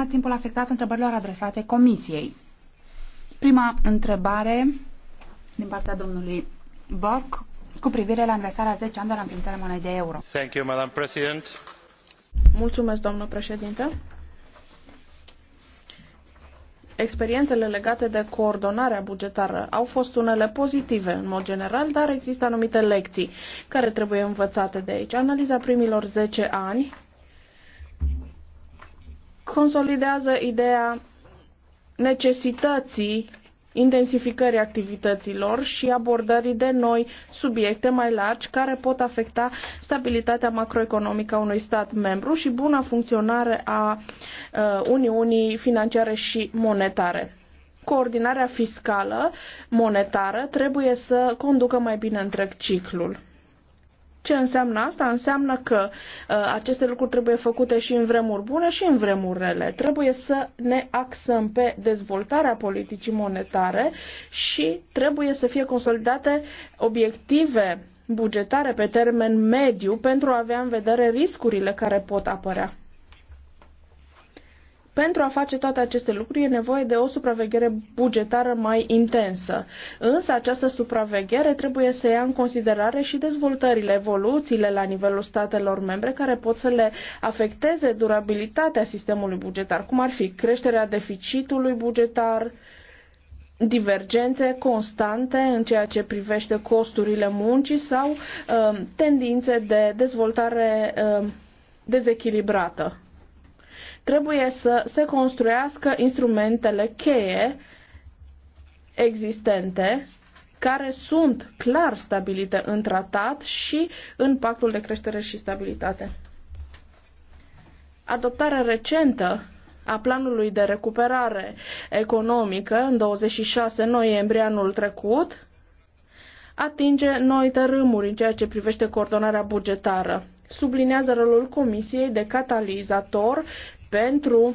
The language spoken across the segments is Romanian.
participat timpul afectat întrebărilor adresate Comisiei. Prima întrebare din partea domnului Borg cu privire la aniversarea 10 ani de la înființarea monedei euro. Thank you, Madam President. Mulțumesc, domnul președinte. Experiențele legate de coordonarea bugetară au fost unele pozitive în mod general, dar există anumite lecții care trebuie învățate de aici. Analiza primilor 10 ani consolidează ideea necesității intensificării activităților și abordării de noi subiecte mai largi care pot afecta stabilitatea macroeconomică a unui stat membru și buna funcționare a uh, Uniunii financiare și monetare. Coordinarea fiscală monetară trebuie să conducă mai bine întreg ciclul. Ce înseamnă asta? Înseamnă că uh, aceste lucruri trebuie făcute și în vremuri bune și în vremuri rele. Trebuie să ne axăm pe dezvoltarea politicii monetare și trebuie să fie consolidate obiective bugetare pe termen mediu pentru a avea în vedere riscurile care pot apărea. Pentru a face toate aceste lucruri e nevoie de o supraveghere bugetară mai intensă. Însă această supraveghere trebuie să ia în considerare și dezvoltările, evoluțiile la nivelul statelor membre care pot să le afecteze durabilitatea sistemului bugetar, cum ar fi creșterea deficitului bugetar, divergențe constante în ceea ce privește costurile muncii sau uh, tendințe de dezvoltare uh, dezechilibrată. Trebuie să se construiască instrumentele cheie existente care sunt clar stabilite în tratat și în pactul de creștere și stabilitate. Adoptarea recentă a planului de recuperare economică în 26 noiembrie anul trecut atinge noi tărâmuri în ceea ce privește coordonarea bugetară. Sublinează rolul Comisiei de catalizator pentru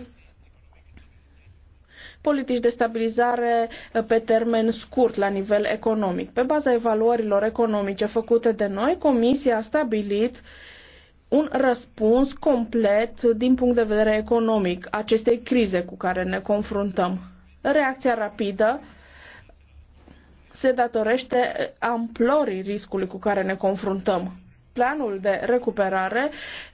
politici de stabilizare uh, pe termen scurt la nivel economic. Pe baza evaluărilor economice făcute de noi, Comisia a stabilit un răspuns complet din punct de vedere economic acestei crize cu care ne confruntăm. Reacția rapidă se datorește amplorii riscului cu care ne confruntăm. Planul de recuperare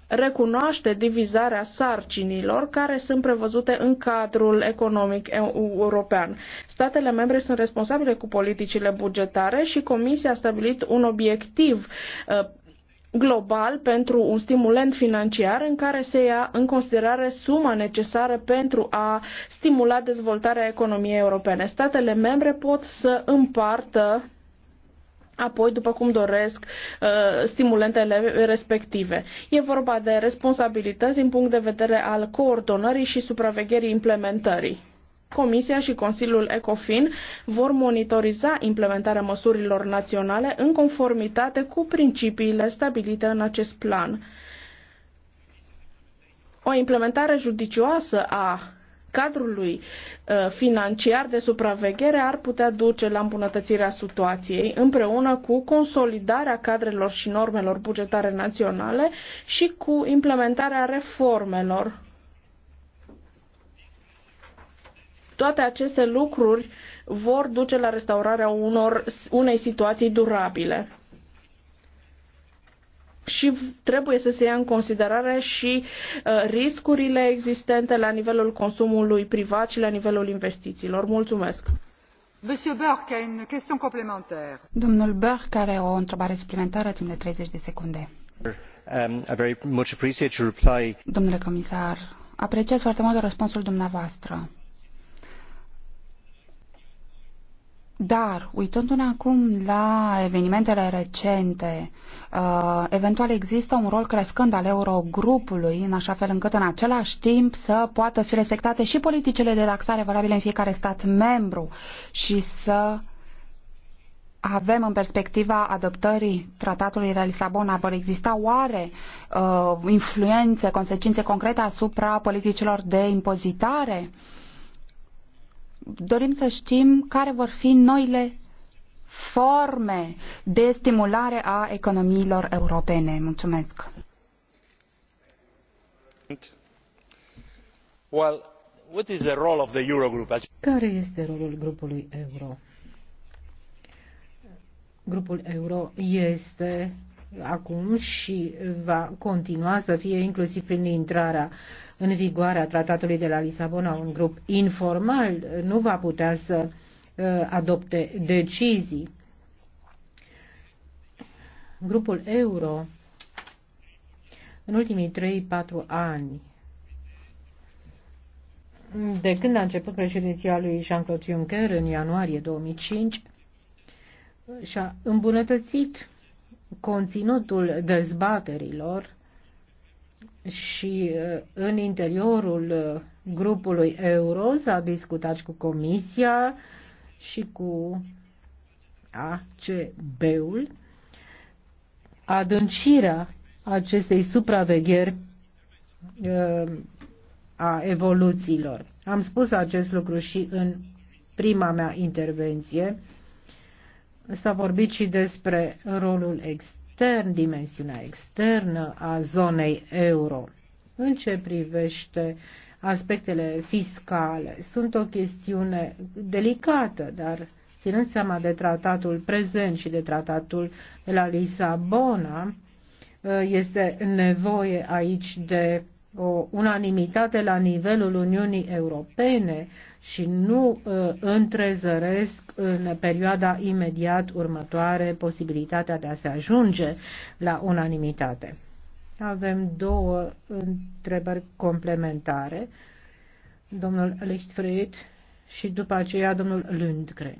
recunoaște divizarea sarcinilor care sunt prevăzute în cadrul economic european. Statele membre sunt responsabile cu politicile bugetare și Comisia a stabilit un obiectiv uh, global pentru un stimulent financiar în care se ia în considerare suma necesară pentru a stimula dezvoltarea economiei europene. Statele membre pot să împartă apoi, după cum doresc, uh, stimulentele respective. E vorba de responsabilități din punct de vedere al coordonării și supravegherii implementării. Comisia și Consiliul ECOFIN vor monitoriza implementarea măsurilor naționale în conformitate cu principiile stabilite în acest plan. O implementare judicioasă a cadrului uh, financiar de supraveghere ar putea duce la îmbunătățirea situației împreună cu consolidarea cadrelor și normelor bugetare naționale și cu implementarea reformelor. Toate aceste lucruri vor duce la restaurarea unor, unei situații durabile și trebuie să se ia în considerare și uh, riscurile existente la nivelul consumului privat și la nivelul investițiilor. Mulțumesc! Domnul Burke are o întrebare suplimentară timp de 30 de secunde. Um, very much your reply. Domnule comisar, apreciez foarte mult răspunsul dumneavoastră. Dar, uitându-ne acum la evenimentele recente, uh, eventual există un rol crescând al Eurogrupului, în așa fel încât în același timp să poată fi respectate și politicile de taxare valabile în fiecare stat membru și să avem în perspectiva adoptării tratatului de la Lisabona, vor exista oare uh, influențe, consecințe concrete asupra politicilor de impozitare? Uh, dorim să știm care vor fi noile forme de stimulare a economiilor europene. Mulțumesc. Well, what is the role of the Eurogroup? Care este rolul grupului euro? Grupul euro este acum și va continua să fie inclusiv prin intrarea uh, în vigoarea tratatului de la Lisabona, un grup informal nu va putea să uh, adopte decizii. Grupul euro în ultimii 3-4 ani de când a început președinția lui Jean-Claude Juncker în ianuarie 2005, și-a îmbunătățit conținutul dezbaterilor și uh, în interiorul uh, grupului euro s-a discutat și cu Comisia și cu ACB-ul adâncirea acestei supravegheri uh, a evoluțiilor. Am spus acest lucru și în prima mea intervenție. S-a vorbit și despre rolul extern extern, dimensiunea externă a zonei euro. În ce privește aspectele fiscale, sunt o chestiune delicată, dar ținând seama de tratatul prezent și de tratatul de la Lisabona, este nevoie aici de o unanimitate la nivelul Uniunii Europene și nu uh, întrezăresc în perioada imediat următoare posibilitatea de a se ajunge la unanimitate. Avem două întrebări complementare. Domnul Lichtfried și după aceea domnul Lundgren.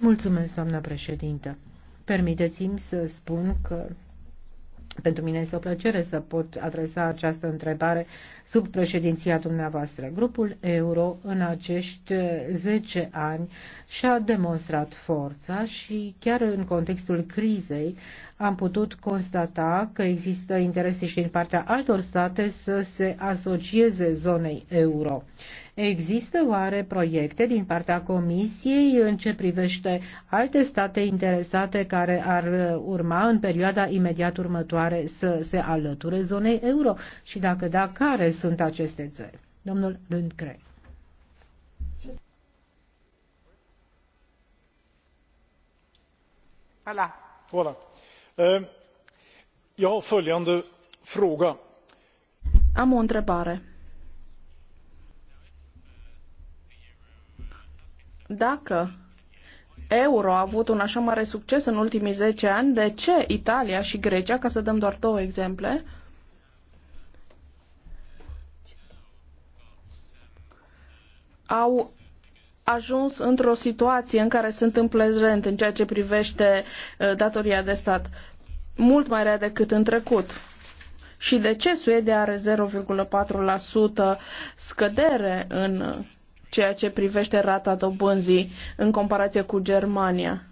Mulțumesc, doamnă președintă. Permiteți-mi să spun că pentru mine este o plăcere să pot adresa această întrebare sub președinția dumneavoastră. Grupul euro în acești 10 ani și-a demonstrat forța și chiar în contextul crizei am putut constata că există interese și din partea altor state să se asocieze zonei euro. Există oare proiecte din partea Comisiei în ce privește alte state interesate care ar urma în perioada imediat următoare să se alăture zonei euro? Și dacă da, care sunt aceste țări? Domnul Hola. Eh, jag har följande fråga. Am o întrebare Dacă euro a avut un așa mare succes în ultimii 10 ani, de ce Italia și Grecia, ca să dăm doar două exemple, au ajuns într-o situație în care sunt în plezent în ceea ce privește ă, datoria de stat, mult mai rea decât în trecut. Și de ce Suedia are 0,4% scădere în ceea ce privește rata dobânzii în comparație cu Germania,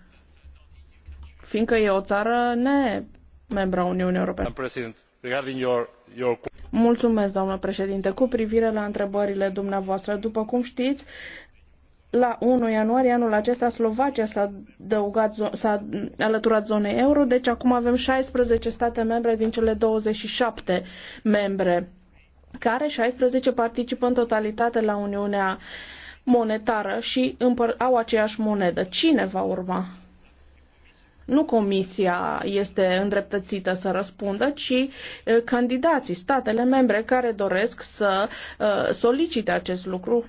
fiindcă e o țară ne membra Uniunii Europene. Mulțumesc, doamnă președinte. Cu privire la întrebările dumneavoastră, după cum știți, la 1 ianuarie anul acesta Slovacia s-a, adăugat, s-a alăturat zonei euro, deci acum avem 16 state membre din cele 27 membre care 16 participă în totalitate la Uniunea monetară și au aceeași monedă. Cine va urma? Nu comisia este îndreptățită să răspundă, ci candidații, statele membre care doresc să solicite acest lucru.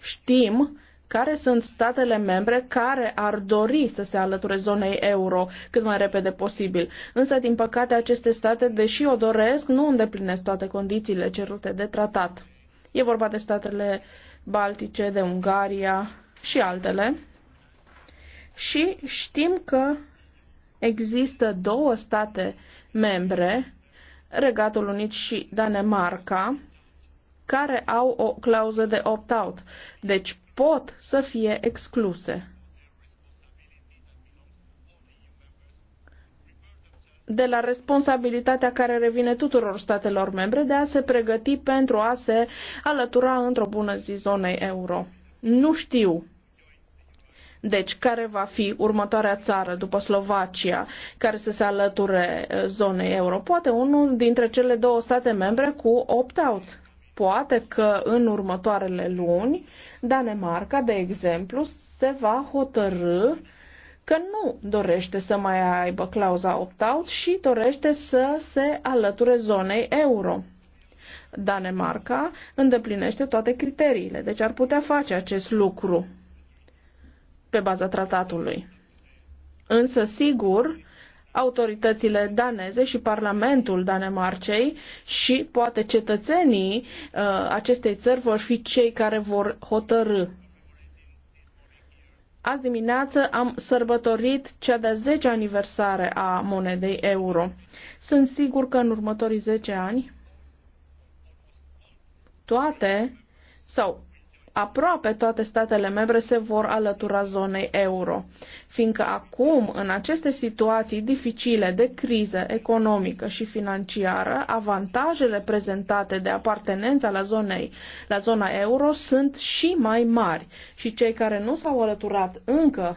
Știm care sunt statele membre care ar dori să se alăture zonei euro cât mai repede posibil. Însă, din păcate, aceste state, deși o doresc, nu îndeplinesc toate condițiile cerute de tratat. E vorba de statele Baltice, de Ungaria și altele. Și știm că există două state membre, Regatul Unit și Danemarca, care au o clauză de opt-out. Deci pot să fie excluse. de la responsabilitatea care revine tuturor statelor membre de a se pregăti pentru a se alătura într-o bună zi zonei euro. Nu știu deci, care va fi următoarea țară după Slovacia care să se alăture eh, zonei euro? Poate unul dintre cele două state membre cu opt-out. Poate că în următoarele luni Danemarca, de exemplu, se va hotărâ că nu dorește să mai aibă clauza opt-out și dorește să se alăture zonei euro. Danemarca îndeplinește toate criteriile, deci ar putea face acest lucru pe baza tratatului. Însă, sigur, autoritățile daneze și Parlamentul Danemarcei și poate cetățenii uh, acestei țări vor fi cei care vor hotărâ Azi dimineață am sărbătorit cea de-a 10 aniversare a monedei euro. Sunt sigur că în următorii 10 ani toate sau aproape toate statele membre se vor alătura zonei euro, fiindcă acum, în aceste situații dificile de criză economică și financiară, avantajele prezentate de apartenența la, zonei, la zona euro sunt și mai mari și cei care nu s-au alăturat încă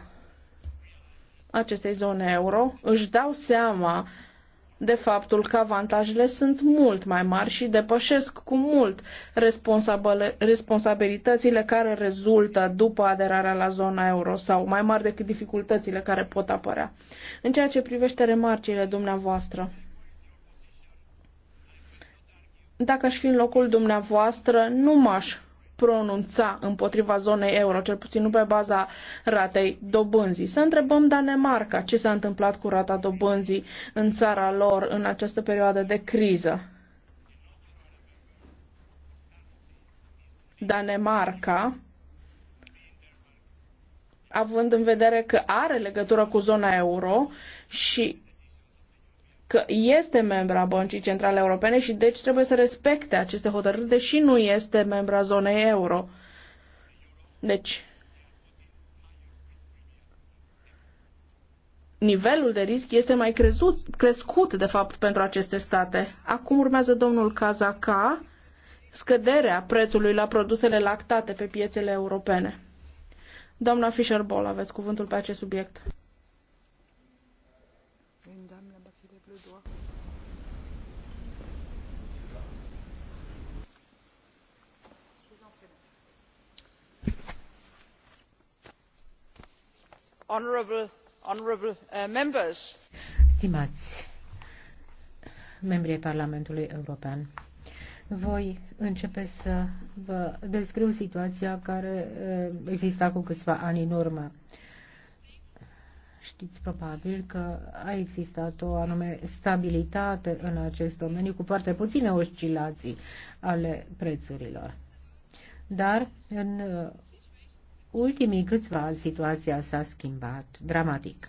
acestei zone euro își dau seama de faptul că avantajele sunt mult mai mari și depășesc cu mult responsabilitățile care rezultă după aderarea la zona euro sau mai mari decât dificultățile care pot apărea. În ceea ce privește remarcile dumneavoastră, dacă aș fi în locul dumneavoastră, nu m-aș pronunța împotriva zonei euro, cel puțin nu pe baza ratei dobânzii. Să întrebăm Danemarca ce s-a întâmplat cu rata dobânzii în țara lor în această perioadă de criză. Danemarca, având în vedere că are legătură cu zona euro și că este membra Băncii Centrale Europene și deci trebuie să respecte aceste hotărâri, deși nu este membra zonei euro. Deci, nivelul de risc este mai crezut, crescut, de fapt, pentru aceste state. Acum urmează domnul Kazaka, scăderea prețului la produsele lactate pe piețele europene. Doamna Fischer-Boll, aveți cuvântul pe acest subiect. honourable membri ai Parlamentului European, voi începe să vă descriu situația care uh, exista cu câțiva ani în urmă. Știți probabil că a existat o anume stabilitate în acest domeniu cu foarte puține oscilații ale prețurilor. Dar în uh, ultimii câțiva ani situația s-a schimbat dramatic.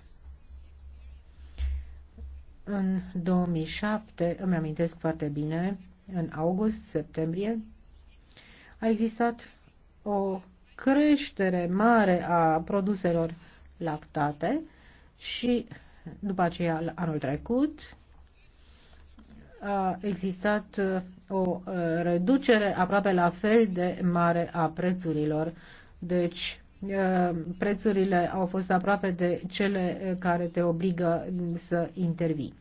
În 2007, îmi amintesc foarte bine, în august-septembrie, a existat o creștere mare a produselor lactate și după aceea, anul trecut, a existat o uh, reducere aproape la fel de mare a prețurilor deci, uh, prețurile au fost aproape de cele uh, care te obligă mm, să intervii.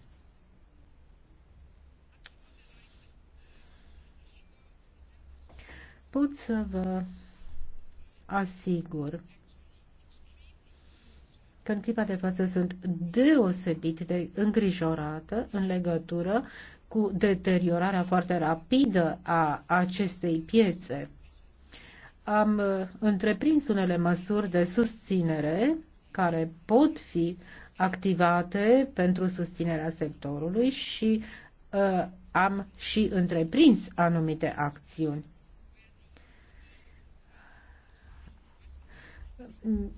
Pot să vă asigur că în clipa de față sunt deosebit de îngrijorată în legătură cu deteriorarea foarte rapidă a acestei piețe am uh, întreprins unele măsuri de susținere care pot fi activate pentru susținerea sectorului și uh, am și întreprins anumite acțiuni.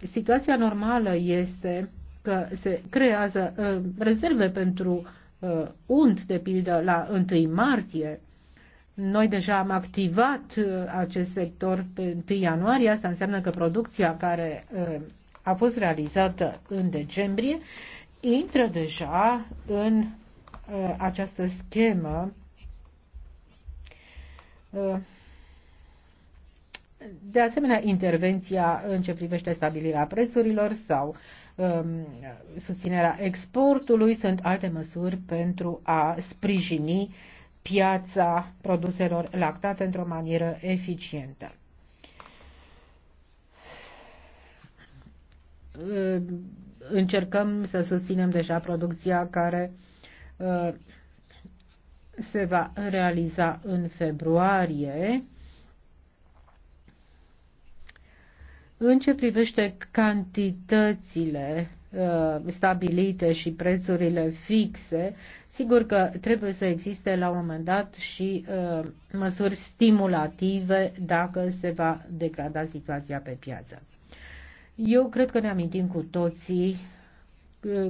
Situația normală este că se creează uh, rezerve pentru uh, unt, de pildă, la 1 martie, noi deja am activat uh, acest sector pe 1 ianuarie, asta înseamnă că producția care uh, a fost realizată în decembrie intră deja în uh, această schemă de asemenea, intervenția în ce privește stabilirea prețurilor sau um, susținerea exportului sunt alte măsuri pentru a sprijini piața produselor lactate într-o manieră eficientă. Încercăm să susținem deja producția care uh, se va realiza în februarie. În ce privește cantitățile Uh, stabilite și prețurile fixe, sigur că trebuie să existe la un moment dat și uh, măsuri stimulative dacă se va degrada situația pe piață. Eu cred că ne amintim cu toții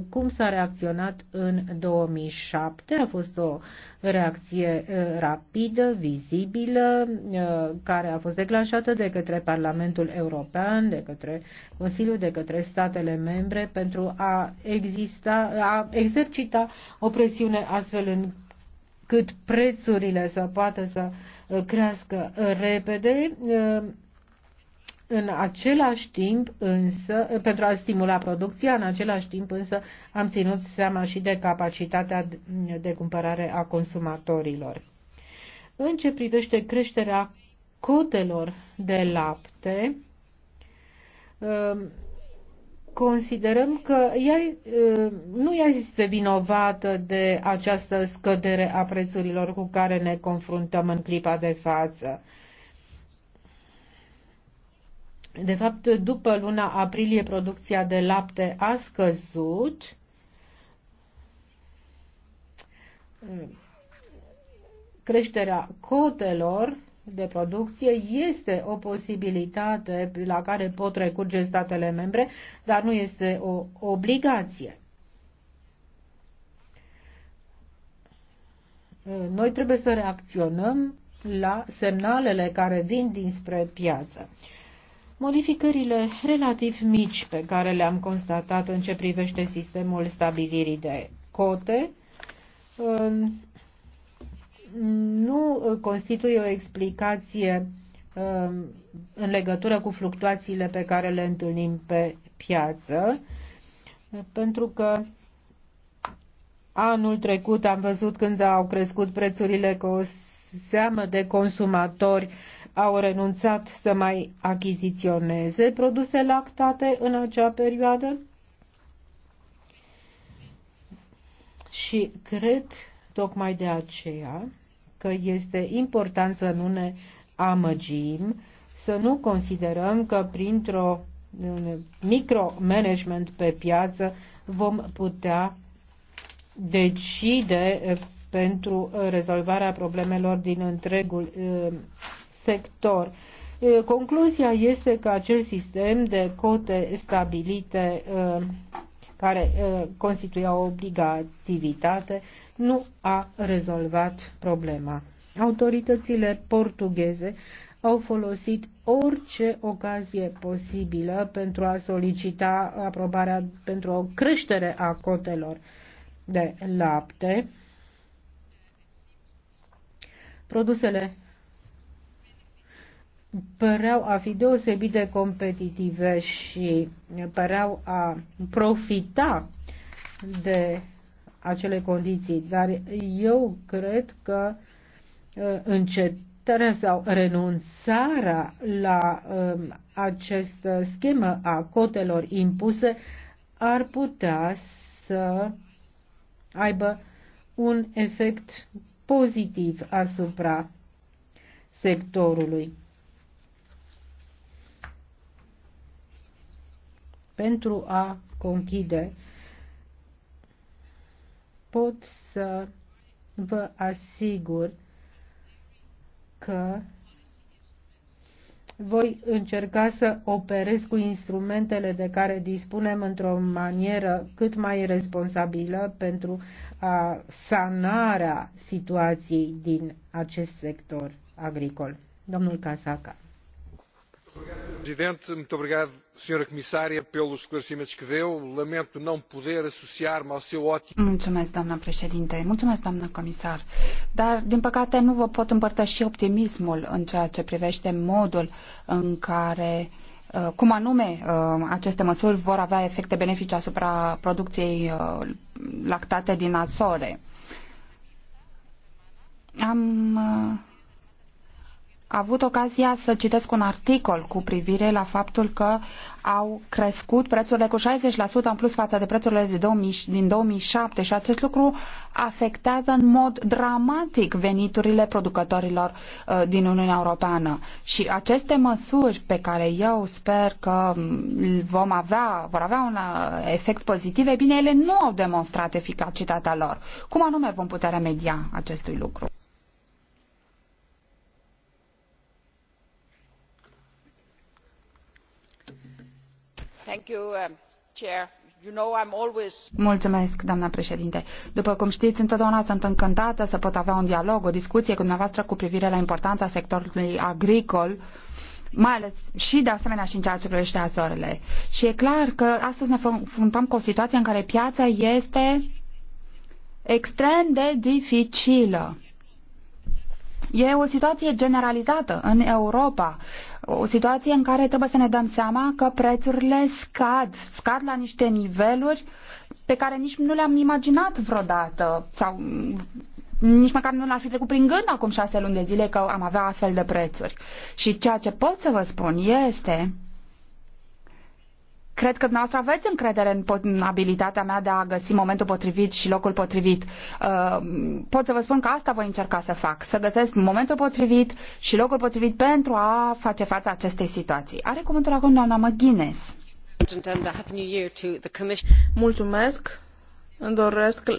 cum s-a reacționat în 2007. A fost o reacție eh, rapidă, vizibilă, eh, care a fost declanșată de către Parlamentul European, de către Consiliul, de către statele membre pentru a, exista, a exercita o presiune astfel în cât prețurile să poată să eh, crească repede în același timp însă, pentru a stimula producția, în același timp însă am ținut seama și de capacitatea de cumpărare a consumatorilor. În ce privește creșterea cotelor de lapte, considerăm că ea nu ea este vinovată de această scădere a prețurilor cu care ne confruntăm în clipa de față. De fapt, după luna aprilie, producția de lapte a scăzut. Creșterea cotelor de producție este o posibilitate la care pot recurge statele membre, dar nu este o obligație. Noi trebuie să reacționăm la semnalele care vin dinspre piață. Modificările relativ mici pe care le-am constatat în ce privește sistemul stabilirii de cote nu constituie o explicație um, în legătură cu fluctuațiile pe care le întâlnim pe piață, pentru că anul trecut am văzut când au crescut prețurile cu o seamă de consumatori au renunțat să mai achiziționeze produse lactate în acea perioadă. Și cred tocmai de aceea că este important să nu ne amăgim, să nu considerăm că printr-o micromanagement pe piață vom putea decide pentru rezolvarea problemelor din întregul uh, sector. Concluzia este că acel sistem de cote stabilite care constituia o obligativitate nu a rezolvat problema. Autoritățile portugheze au folosit orice ocazie posibilă pentru a solicita aprobarea pentru o creștere a cotelor de lapte. Produsele păreau a fi deosebit de competitive și păreau a profita de acele condiții, dar eu cred că uh, încetarea sau renunțarea la um, acest schemă a cotelor impuse ar putea să aibă un efect pozitiv asupra sectorului. pentru a conchide, pot să vă asigur că voi încerca să operez cu instrumentele de care dispunem într-o manieră cât mai responsabilă pentru a sanarea situației din acest sector agricol. Domnul Casaca presidente muito obrigado senhora comissária pelos esclarecimentos que deu. lamento não poder associar me ao seu ótimo. Mulțumesc doamnă președinte, mulțumesc doamnă comisar. Dar din păcate nu vă pot împărtăși optimismul în ceea ce privește modul în care uh, cum anume uh, aceste măsuri vor avea efecte benefice asupra producției uh, lactate din Azore. Am avut ocazia să citesc un articol cu privire la faptul că au crescut prețurile cu 60% în plus față de prețurile de 2000, din 2007 și acest lucru afectează în mod dramatic veniturile producătorilor uh, din Uniunea Europeană. Și aceste măsuri pe care eu sper că mm, vom avea, vor avea un uh, efect pozitiv, e bine, ele nu au demonstrat eficacitatea lor. Cum anume vom putea remedia acestui lucru? Um, Mulțumesc, președinte. După cum știți, întotdeauna sunt încântată să pot avea un dialog, o discuție cu dumneavoastră cu privire la importanța sectorului agricol mai ales și de asemenea și în ceea ce privește azorele. Și e clar că astăzi ne confruntăm cu o situație în care piața este extrem de dificilă. E o situație generalizată în Europa o situație în care trebuie să ne dăm seama că prețurile scad, scad la niște niveluri pe care nici nu le-am imaginat vreodată sau nici măcar nu l-ar fi trecut prin gând acum șase luni de zile că am avea astfel de prețuri. Și ceea ce pot să vă spun este Cred că dumneavoastră aveți încredere în, în abilitatea mea de a găsi momentul potrivit și locul potrivit. Uh, pot să vă spun că asta voi încerca să fac, să găsesc momentul potrivit și locul potrivit pentru a face față acestei situații. Are cuvântul acum doamna McGuinness. Mulțumesc. Îmi doresc uh,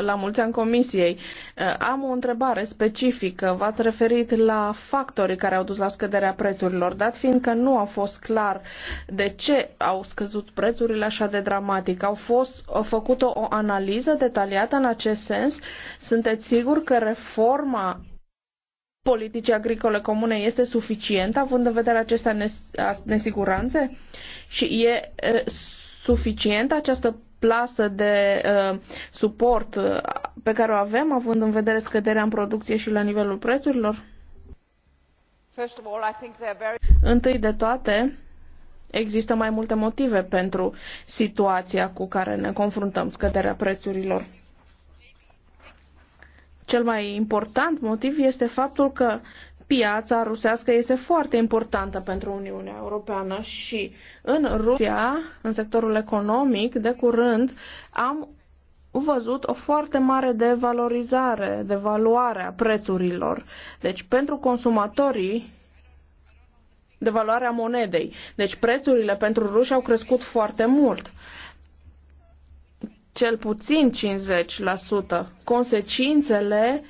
la mulți ani comisiei. Uh, am o întrebare specifică. V-ați referit la factorii care au dus la scăderea prețurilor, dat fiindcă nu a fost clar de ce au scăzut prețurile așa de dramatic. Au fost au făcut o, o analiză detaliată în acest sens? Sunteți sigur că reforma politicii agricole comune este suficientă, având în vedere aceste nesiguranțe? Și e, e suficientă această plasă de uh, suport uh, pe care o avem, având în vedere scăderea în producție și la nivelul prețurilor? Întâi de toate, există mai multe motive pentru situația cu care ne confruntăm, scăderea prețurilor. Cel mai important motiv este faptul că piața rusească este foarte importantă pentru Uniunea Europeană și în Rusia, în sectorul economic, de curând am văzut o foarte mare devalorizare, devaluare a prețurilor. Deci pentru consumatorii devaluarea monedei. Deci prețurile pentru ruși au crescut foarte mult cel puțin 50%. Consecințele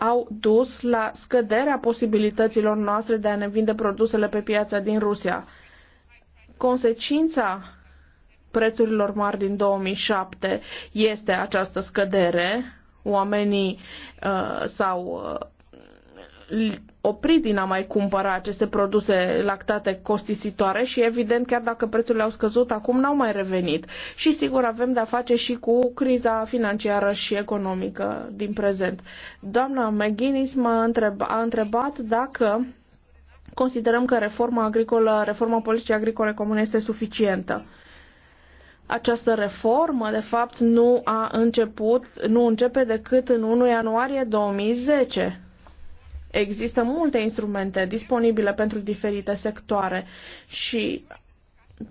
au dus la scăderea posibilităților noastre de a ne vinde produsele pe piața din Rusia. Consecința prețurilor mari din 2007 este această scădere. Oamenii uh, s-au uh, opri din a mai cumpăra aceste produse lactate costisitoare și evident chiar dacă prețurile au scăzut acum n-au mai revenit. Și sigur avem de-a face și cu criza financiară și economică din prezent. Doamna McGuinness m-a întreb, a întrebat dacă considerăm că reforma agricolă, reforma politicii agricole comune este suficientă această reformă, de fapt, nu a început, nu începe decât în 1 ianuarie 2010. Există multe instrumente disponibile pentru diferite sectoare și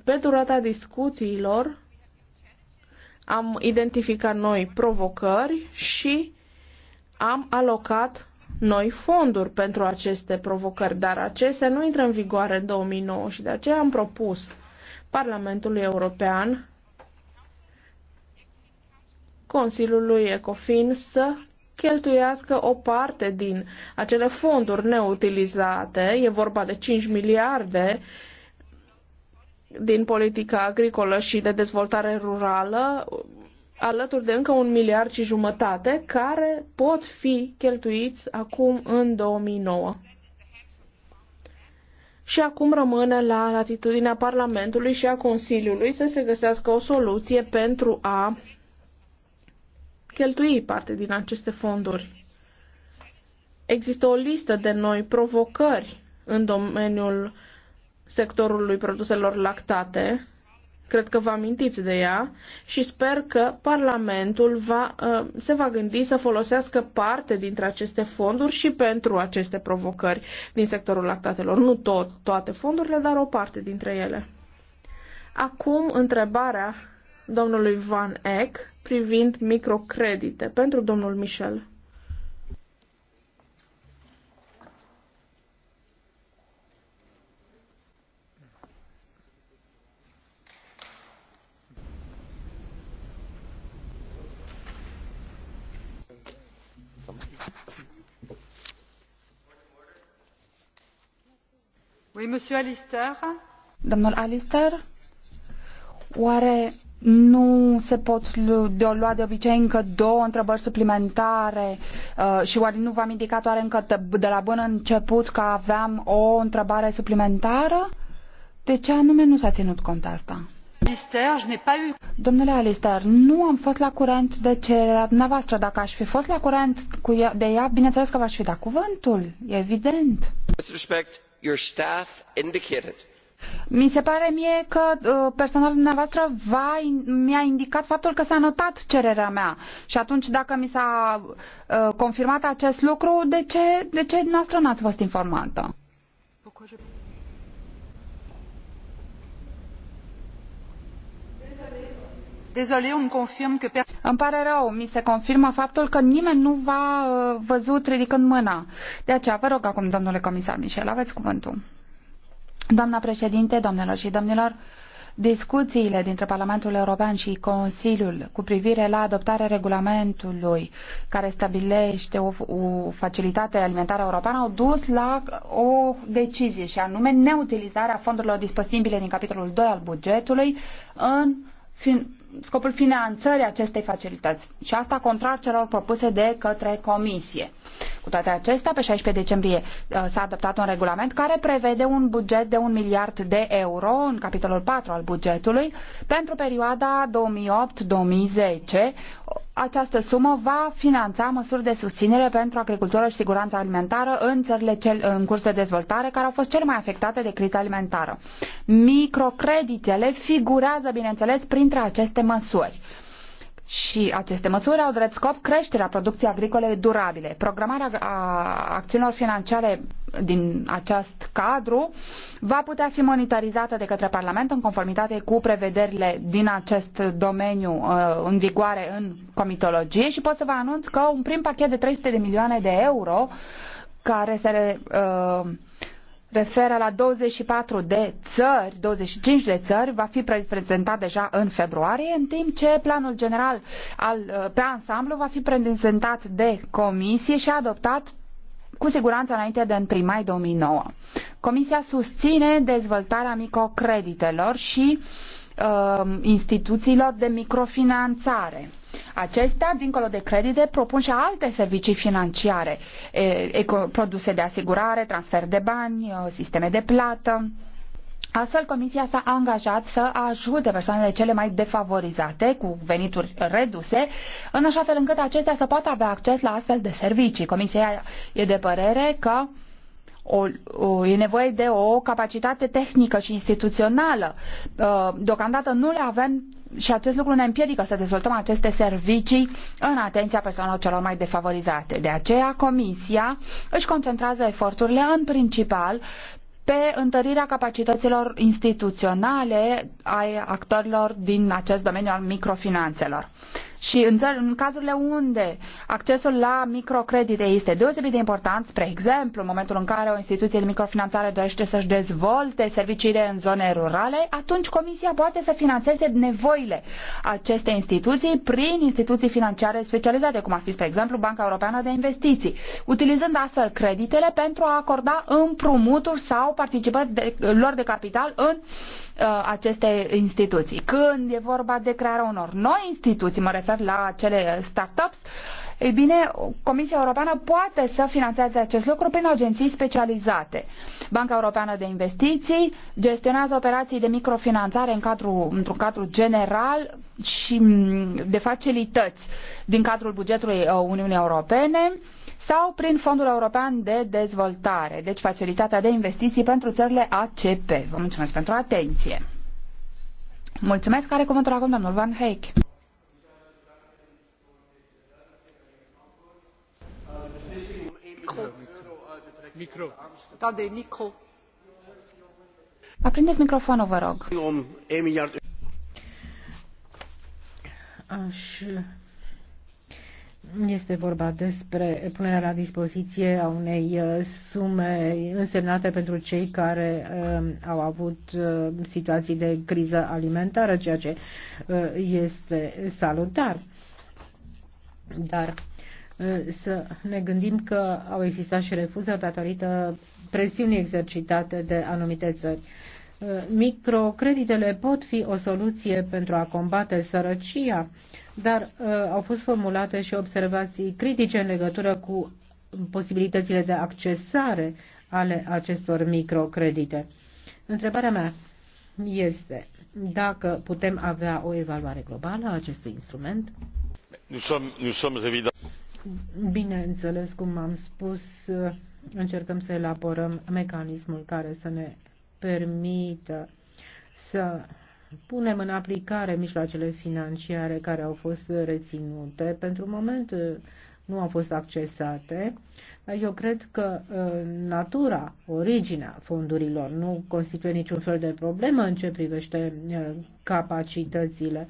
pe durata discuțiilor am identificat noi provocări și am alocat noi fonduri pentru aceste provocări, dar acestea nu intră în vigoare în 2009 și de aceea am propus Parlamentului European Consiliului ECOFIN să cheltuiască o parte din acele fonduri neutilizate, e vorba de 5 miliarde din politica agricolă și de dezvoltare rurală, alături de încă un miliard și jumătate, care pot fi cheltuiți acum în 2009. Și acum rămâne la latitudinea Parlamentului și a Consiliului să se găsească o soluție pentru a cheltui parte din aceste fonduri. Există o listă de noi provocări în domeniul sectorului produselor lactate. Cred că vă amintiți de ea și sper că Parlamentul va, uh, se va gândi să folosească parte dintre aceste fonduri și pentru aceste provocări din sectorul lactatelor. Nu tot, toate fondurile, dar o parte dintre ele. Acum, întrebarea domnului Van Eck privind microcredite pentru domnul Michel. Oui, monsieur Alistair. Domnul Alistair, oare nu se pot de -o lua de obicei încă două întrebări suplimentare uh, și oare nu v-am indicat oare încă de la bun început că aveam o întrebare suplimentară? De ce anume nu s-a ținut cont asta? Domnule Alister, nu am fost la curent de cererea dumneavoastră. Dacă aș fi fost la curent cu ea, de ea, bineînțeles că v-aș fi dat cuvântul. E evident. With respect, your staff indicated mi se pare mie că uh, personalul dumneavoastră mi-a indicat faptul că s-a notat cererea mea și atunci dacă mi s-a uh, confirmat acest lucru, de ce, de ce noastră n-ați fost informată? Dezolé, îmi confirm că... Îmi pare rău, mi se confirmă faptul că nimeni nu v-a uh, văzut ridicând mâna. De aceea, vă rog acum, domnule comisar Michel, aveți cuvântul. Doamna președinte, doamnelor și domnilor, discuțiile dintre Parlamentul European și Consiliul cu privire la adoptarea regulamentului care stabilește o, o facilitate alimentară europeană au dus la o decizie și anume neutilizarea fondurilor disponibile din capitolul 2 al bugetului în scopul finanțării acestei facilități și asta contrar celor propuse de către Comisie. Cu toate acestea, pe 16 decembrie uh, s-a adoptat un regulament care prevede un buget de un miliard de euro în capitolul 4 al bugetului pentru perioada 2008-2010, această sumă va finanța măsuri de susținere pentru agricultură și siguranță alimentară în țările cel, în curs de dezvoltare care au fost cel mai afectate de criza alimentară. Microcreditele figurează, bineînțeles, printre aceste măsuri. Și aceste măsuri au drept scop creșterea producției agricole durabile. Programarea a acțiunilor financiare din acest cadru va putea fi monitorizată de către Parlament în conformitate cu prevederile din acest domeniu uh, în vigoare în comitologie și pot să vă anunț că un prim pachet de 300 de milioane de euro care se uh, referă la 24 de țări, 25 de țări, va fi prezentat deja în februarie, în timp ce planul general al, uh, pe ansamblu va fi prezentat de comisie și adoptat cu siguranță înainte de 1 mai 2009. Comisia susține dezvoltarea microcreditelor și uh, instituțiilor de microfinanțare Acestea, dincolo de credite, propun și alte servicii financiare, produse de asigurare, transfer de bani, sisteme de plată. Astfel, Comisia s-a angajat să ajute persoanele cele mai defavorizate, cu venituri reduse, în așa fel încât acestea să poată avea acces la astfel de servicii. Comisia e de părere că uh, o, o, e nevoie de o capacitate tehnică și instituțională. Uh, deocamdată nu le avem și acest lucru ne împiedică să dezvoltăm aceste servicii în atenția persoanelor celor mai defavorizate. De aceea, Comisia își concentrează eforturile în principal pe întărirea capacităților instituționale ai actorilor din acest domeniu al microfinanțelor. Și în, țări, în cazurile unde accesul la microcredite este deosebit de important, spre exemplu, în momentul în care o instituție de microfinanțare dorește să-și dezvolte serviciile în zone rurale, atunci Comisia poate să financeze nevoile acestei instituții prin instituții financiare specializate, cum ar fi, spre exemplu, Banca Europeană de Investiții, utilizând astfel creditele pentru a acorda împrumuturi sau participări de, lor de capital în uh, Uh, aceste instituții. Când e vorba de crearea unor noi instituții, mă refer la cele startups, ei bine, Comisia Europeană poate să finanțeze acest lucru prin agenții specializate. Banca Europeană de Investiții gestionează operații de microfinanțare în cadru, într-un cadru general și mm, de facilități din cadrul bugetului uh, Uniunii Europene sau prin Fondul European de Dezvoltare, deci facilitatea de investiții pentru țările ACP. Vă mulțumesc pentru atenție. Mulțumesc. Care cuvântul acum domnul Van Heik? Micro. Da, de micro. Aprindeți microfonul, vă rog. Aș este vorba despre punerea la dispoziție a unei uh, sume însemnate pentru cei care uh, au avut uh, situații de criză alimentară, ceea ce uh, este salutar. Dar uh, să ne gândim că au existat și refuzări datorită presiunii exercitate de anumite țări. Uh, microcreditele pot fi o soluție pentru a combate sărăcia, dar uh, au fost formulate și observații critice în legătură cu posibilitățile de accesare ale acestor microcredite. Întrebarea mea este dacă putem avea o evaluare globală a acestui instrument. Bineînțeles, cum am spus, uh, încercăm să elaborăm mecanismul care să ne permită să punem în aplicare mijloacele financiare care au fost reținute. Pentru moment uh, nu au fost accesate. Eu cred că uh, natura, originea fondurilor nu constituie niciun fel de problemă în ce privește uh, capacitățile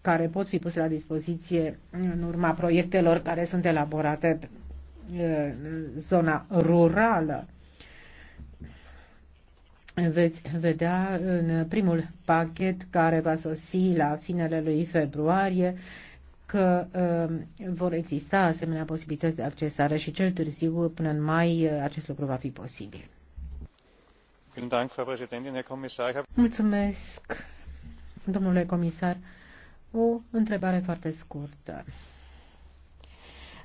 care pot fi puse la dispoziție în urma proiectelor care sunt elaborate în zona rurală veți vedea în primul pachet care va sosi la finele lui februarie că um, vor exista asemenea posibilități de accesare și cel târziu, până în mai, acest lucru va fi posibil. Mulțumesc, domnule comisar. O întrebare foarte scurtă.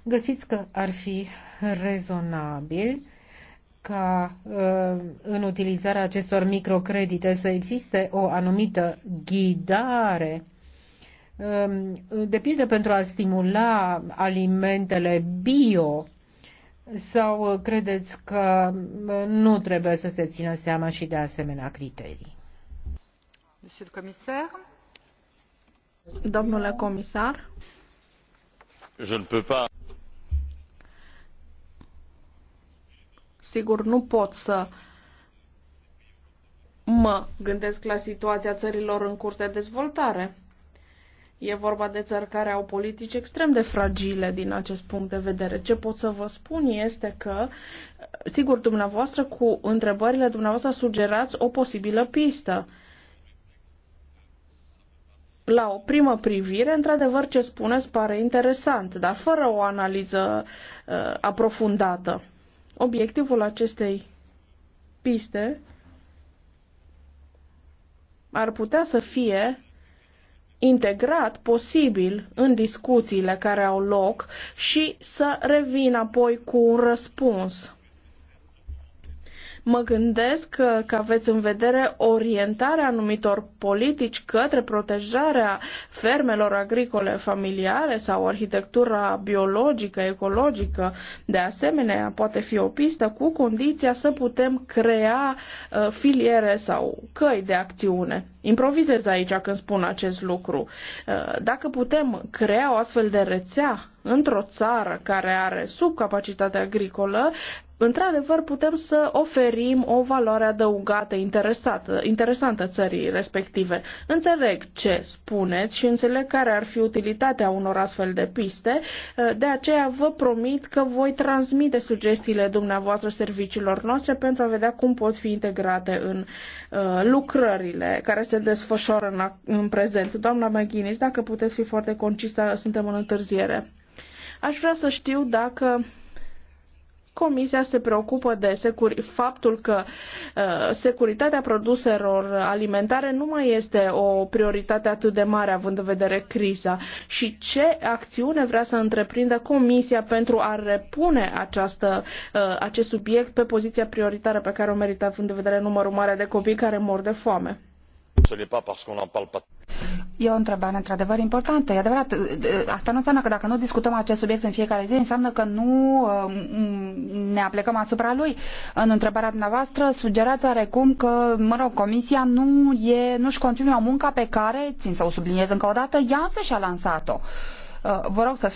Găsiți că ar fi rezonabil ca uh, în utilizarea acestor microcredite să existe o anumită ghidare um, de pildă pentru a stimula alimentele bio sau uh, credeți că uh, nu trebuie să se țină seama și de asemenea criterii? Comisar? Domnule comisar? Je ne peux pas. Sigur, nu pot să mă gândesc la situația țărilor în curs de dezvoltare. E vorba de țări care au politici extrem de fragile din acest punct de vedere. Ce pot să vă spun este că, sigur, dumneavoastră cu întrebările dumneavoastră sugerați o posibilă pistă. La o primă privire, într-adevăr, ce spuneți pare interesant, dar fără o analiză uh, aprofundată. Obiectivul acestei piste ar putea să fie integrat posibil în discuțiile care au loc și să revin apoi cu un răspuns Mă gândesc că, că aveți în vedere orientarea anumitor politici către protejarea fermelor agricole familiale sau arhitectura biologică, ecologică. De asemenea, poate fi o pistă cu condiția să putem crea uh, filiere sau căi de acțiune. Improvizez aici când spun acest lucru. Uh, dacă putem crea o astfel de rețea într-o țară care are subcapacitate agricolă, într-adevăr putem să oferim o valoare adăugată interesată, interesantă țării respective. Înțeleg ce spuneți și înțeleg care ar fi utilitatea unor astfel de piste, de aceea vă promit că voi transmite sugestiile dumneavoastră serviciilor noastre pentru a vedea cum pot fi integrate în uh, lucrările care se desfășoară în, în prezent. Doamna McGuinness, dacă puteți fi foarte concisă, suntem în întârziere. Aș vrea să știu dacă Comisia se preocupă de securi- faptul că uh, securitatea produselor alimentare nu mai este o prioritate atât de mare având în vedere criza și ce acțiune vrea să întreprindă Comisia pentru a repune această, uh, acest subiect pe poziția prioritară pe care o merită având în vedere numărul mare de copii care mor de foame. E o întrebare într-adevăr importantă. E adevărat, asta nu înseamnă că dacă nu discutăm acest subiect în fiecare zi, înseamnă că nu um, ne aplecăm asupra lui. În întrebarea dumneavoastră sugerați oarecum că, mă rog, Comisia nu e, nu-și continuă munca pe care, țin să o subliniez încă o dată, ea însă și-a lansat-o. Uh, vă rog să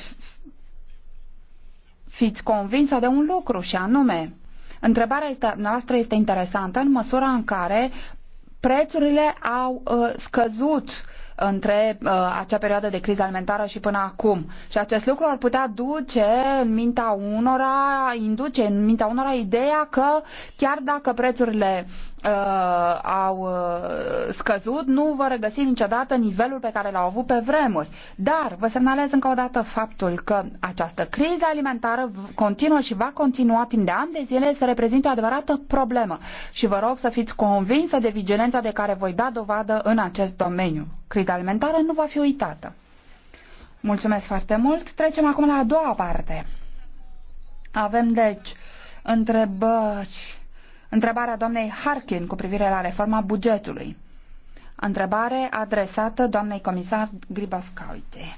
fiți convinsă de un lucru și anume, întrebarea este, noastră este interesantă în măsura în care prețurile au uh, scăzut între uh, acea perioadă de criză alimentară și până acum. Și acest lucru ar putea duce în mintea unora, induce în mintea unora ideea că chiar dacă prețurile uh, au uh, scăzut, nu vor regăsi niciodată nivelul pe care l-au avut pe vremuri. Dar vă semnalez încă o dată faptul că această criză alimentară continuă și va continua timp de ani de zile să reprezinte o adevărată problemă. Și vă rog să fiți convinsă de vigilența de care voi da dovadă în acest domeniu. Criza alimentară nu va fi uitată. Mulțumesc foarte mult. Trecem acum la a doua parte. Avem, deci, întrebări întrebarea doamnei Harkin cu privire la reforma bugetului. Întrebare adresată doamnei comisar Gribascaute.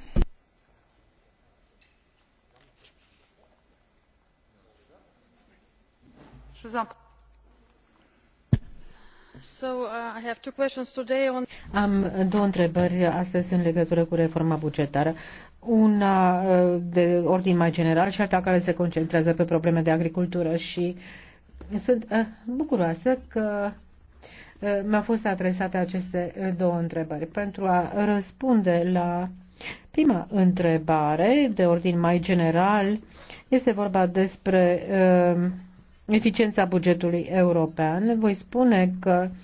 Uh, am două întrebări astăzi în legătură cu reforma bugetară una uh, de ordin mai general și alta care se concentrează pe probleme de agricultură și sunt eh, bucuroasă că eh, mi-au fost adresate aceste eh, două întrebări. Pentru a răspunde la prima întrebare, de ordin mai general, este vorba despre eficiența bugetului european. Voi spune că uh,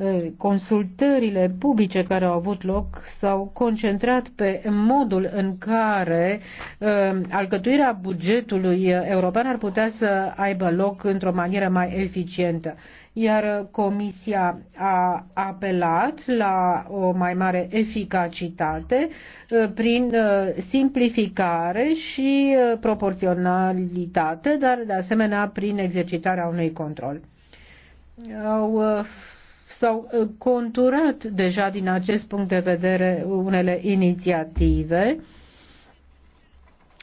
Eh, consultările publice care au avut loc s-au concentrat pe modul în care eh, alcătuirea bugetului european ar putea să aibă loc într-o manieră mai eficientă. Iar Comisia a apelat la o mai mare eficacitate eh, prin simplificare și proporționalitate, dar de asemenea prin exercitarea unui control. Au s-au uh, conturat deja din acest punct de vedere unele inițiative.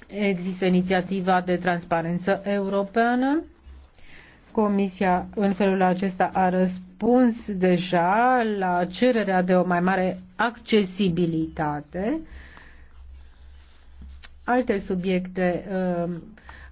Există inițiativa de transparență europeană. Comisia în felul acesta a răspuns deja la cererea de o mai mare accesibilitate. Alte subiecte uh,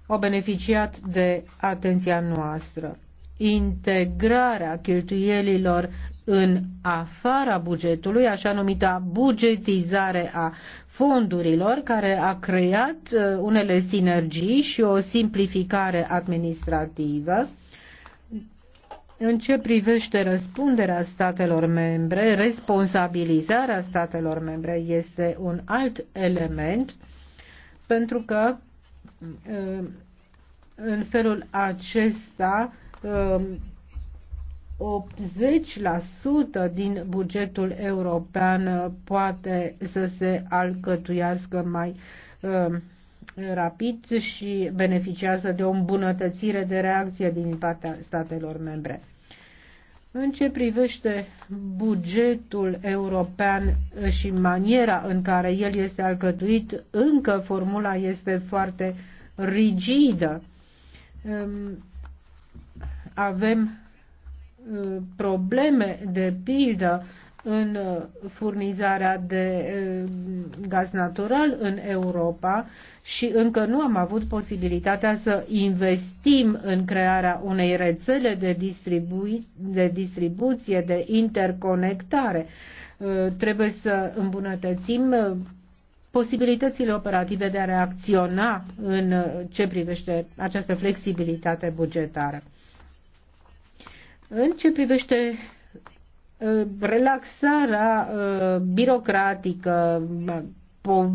au beneficiat de atenția noastră integrarea cheltuielilor în afara bugetului, așa numita bugetizare a fondurilor, care a creat uh, unele sinergii și o simplificare administrativă. În ce privește răspunderea statelor membre, responsabilizarea statelor membre este un alt element, pentru că uh, în felul acesta 80% um, din bugetul european uh, poate să se alcătuiască mai um, rapid și beneficiază de o îmbunătățire de reacție din partea statelor membre. În ce privește bugetul european uh, și maniera în care el este alcătuit, încă formula este foarte rigidă. Um, avem uh, probleme de pildă în uh, furnizarea de uh, gaz natural în Europa și încă nu am avut posibilitatea să investim în crearea unei rețele de, distribu- de distribuție, de interconectare. Trebuie să îmbunătățim posibilitățile operative de a reacționa în ce privește această flexibilitate bugetară. În ce privește ă, relaxarea ă, birocratică, ă,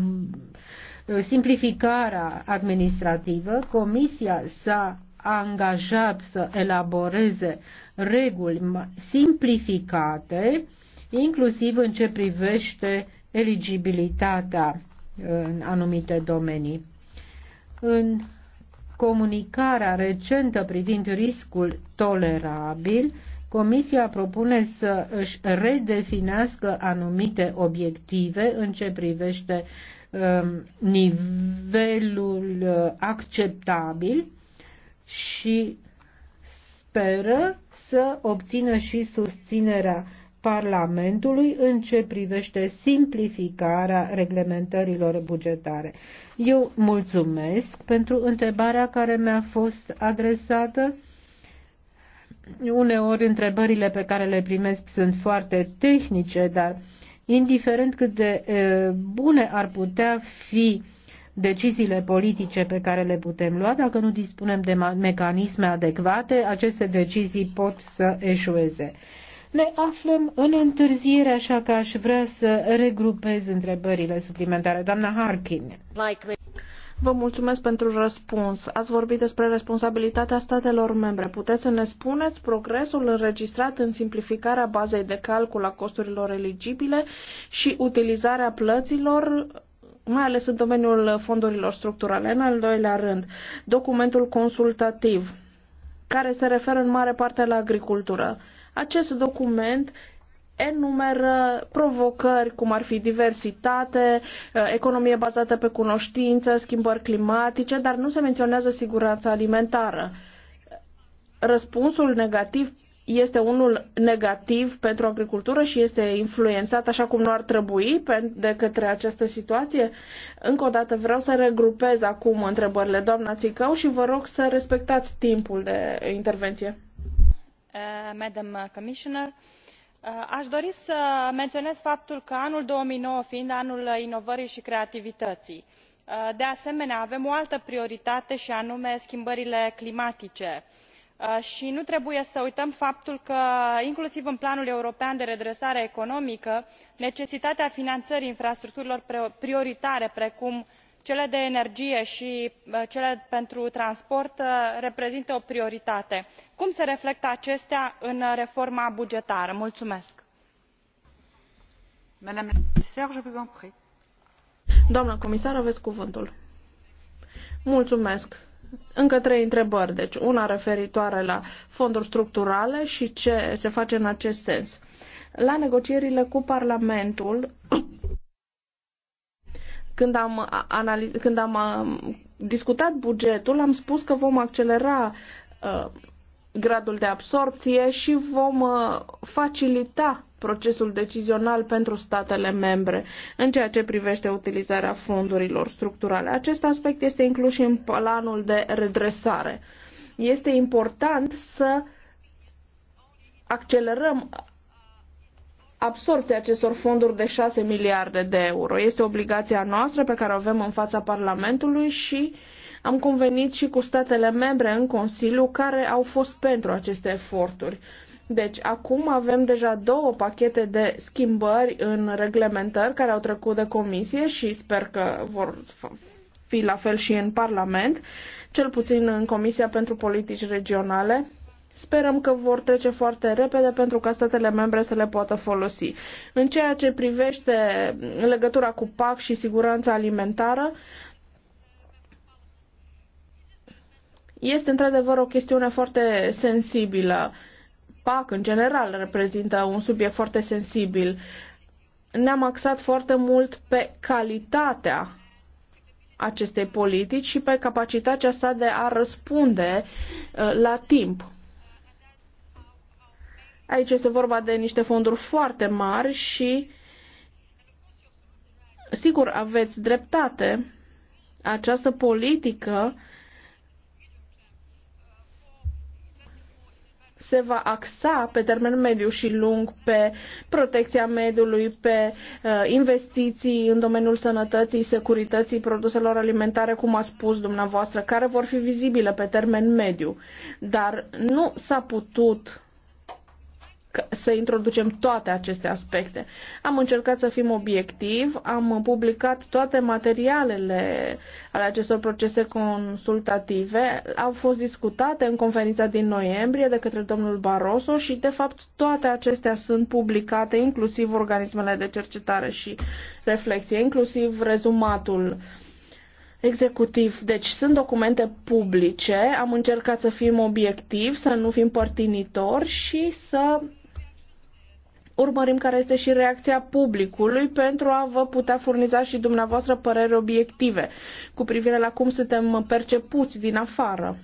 simplificarea administrativă, Comisia s-a angajat să elaboreze reguli simplificate, inclusiv în ce privește eligibilitatea în anumite domenii. În comunicarea recentă privind riscul tolerabil, Comisia propune să își redefinească anumite obiective în ce privește um, nivelul uh, acceptabil și speră să obțină și susținerea Parlamentului în ce privește simplificarea reglementărilor bugetare. Eu mulțumesc pentru întrebarea care mi-a fost adresată. Uneori întrebările pe care le primesc sunt foarte tehnice, dar indiferent cât de bune ar putea fi deciziile politice pe care le putem lua, dacă nu dispunem de mecanisme adecvate, aceste decizii pot să eșueze. Ne aflăm în întârziere, așa că aș vrea să regrupez întrebările suplimentare. Doamna Harkin. Vă mulțumesc pentru răspuns. Ați vorbit despre responsabilitatea statelor membre. Puteți să ne spuneți progresul înregistrat în simplificarea bazei de calcul a costurilor eligibile și utilizarea plăților mai ales în domeniul fondurilor structurale. În al doilea rând, documentul consultativ, care se referă în mare parte la agricultură. Acest document enumeră provocări cum ar fi diversitate, uh, economie bazată pe cunoștință, schimbări climatice, dar nu se menționează siguranța alimentară. Răspunsul negativ este unul negativ pentru agricultură și este influențat așa cum nu ar trebui de către această situație? Încă o dată vreau să regrupez acum întrebările doamna Țicău și vă rog să respectați timpul de intervenție. Uh, doamnă comisar uh, aș dori să menționez faptul că anul două mii nouă fiind anul inovării și creativității uh, de asemenea avem o altă prioritate și anume schimbările climatice și nu trebuie să uităm faptul că inclusiv în planul european de redresare economică necesitatea finanțării infrastructurilor prioritare precum cele de energie i cele pentru transport ă, reprezintă o prioritate. cum se reflectă acestea în reforma bugetară? comisar aveți cuvântul. Încă trei întrebări, deci una referitoare la fonduri structurale și ce se face în acest sens. La negocierile cu Parlamentul când am, analiz, când am discutat bugetul, am spus că vom accelera uh, gradul de absorpție și vom uh, facilita procesul decizional pentru statele membre în ceea ce privește utilizarea fondurilor structurale. Acest aspect este inclus și în planul de redresare. Este important să accelerăm absorpția acestor fonduri de 6 miliarde de euro. Este obligația noastră pe care o avem în fața Parlamentului și am convenit și cu statele membre în Consiliu care au fost pentru aceste eforturi. Deci, acum avem deja două pachete de schimbări în reglementări care au trecut de comisie și sper că vor fi la fel și în Parlament, cel puțin în Comisia pentru Politici Regionale Sperăm că vor trece foarte repede pentru ca statele membre să le poată folosi. În ceea ce privește legătura cu PAC și siguranța alimentară, este într-adevăr o chestiune foarte sensibilă. PAC, în general, reprezintă un subiect foarte sensibil. Ne-am axat foarte mult pe calitatea acestei politici și pe capacitatea sa de a răspunde uh, la timp Aici este vorba de niște fonduri foarte mari și, sigur, aveți dreptate. Această politică se va axa pe termen mediu și lung pe protecția mediului, pe uh, investiții în domeniul sănătății, securității produselor alimentare, cum a spus dumneavoastră, care vor fi vizibile pe termen mediu. Dar nu s-a putut să introducem toate aceste aspecte. Am încercat să fim obiectiv, am publicat toate materialele ale acestor procese consultative, au fost discutate în conferința din noiembrie de către domnul Barroso și, de fapt, toate acestea sunt publicate, inclusiv organismele de cercetare și reflexie, inclusiv rezumatul executiv. Deci sunt documente publice, am încercat să fim obiectivi, să nu fim părtinitori și să urmărim care este și reacția publicului pentru a vă putea furniza și dumneavoastră păreri obiective cu privire la cum suntem percepuți din afară.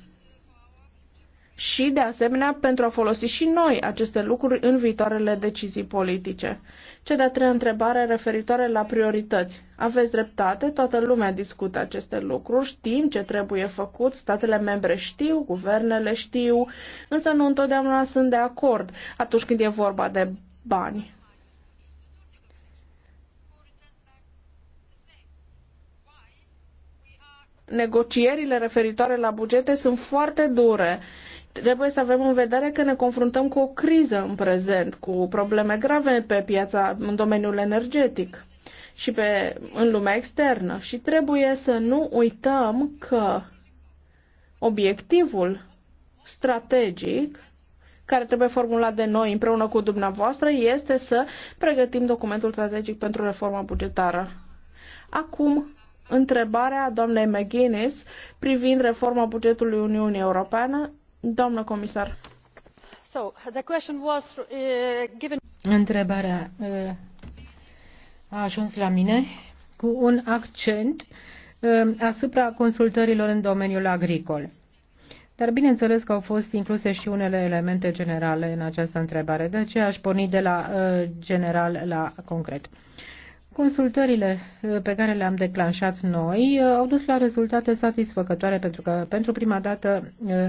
Și, de asemenea, pentru a folosi și noi aceste lucruri în viitoarele decizii politice. Cea de-a treia întrebare referitoare la priorități. Aveți dreptate, toată lumea discută aceste lucruri, știm ce trebuie făcut, statele membre știu, guvernele știu, însă nu întotdeauna sunt de acord atunci când e vorba de bani. Negocierile referitoare la bugete sunt foarte dure. Trebuie să avem în vedere că ne confruntăm cu o criză în prezent, cu probleme grave pe piața în domeniul energetic și pe, în lumea externă. Și trebuie să nu uităm că obiectivul strategic care trebuie formulat de noi împreună cu dumneavoastră este să pregătim documentul strategic pentru reforma bugetară. Acum, întrebarea doamnei McGuinness privind reforma bugetului Uniunii Europene. Doamnă comisar. So, the question was, uh, given... Întrebarea uh, a ajuns la mine cu un accent uh, asupra consultărilor în domeniul agricol. Dar bineînțeles că au fost incluse și unele elemente generale în această întrebare, de aceea aș porni de la uh, general la concret. Consultările uh, pe care le-am declanșat noi uh, au dus la rezultate satisfăcătoare pentru că pentru prima dată uh,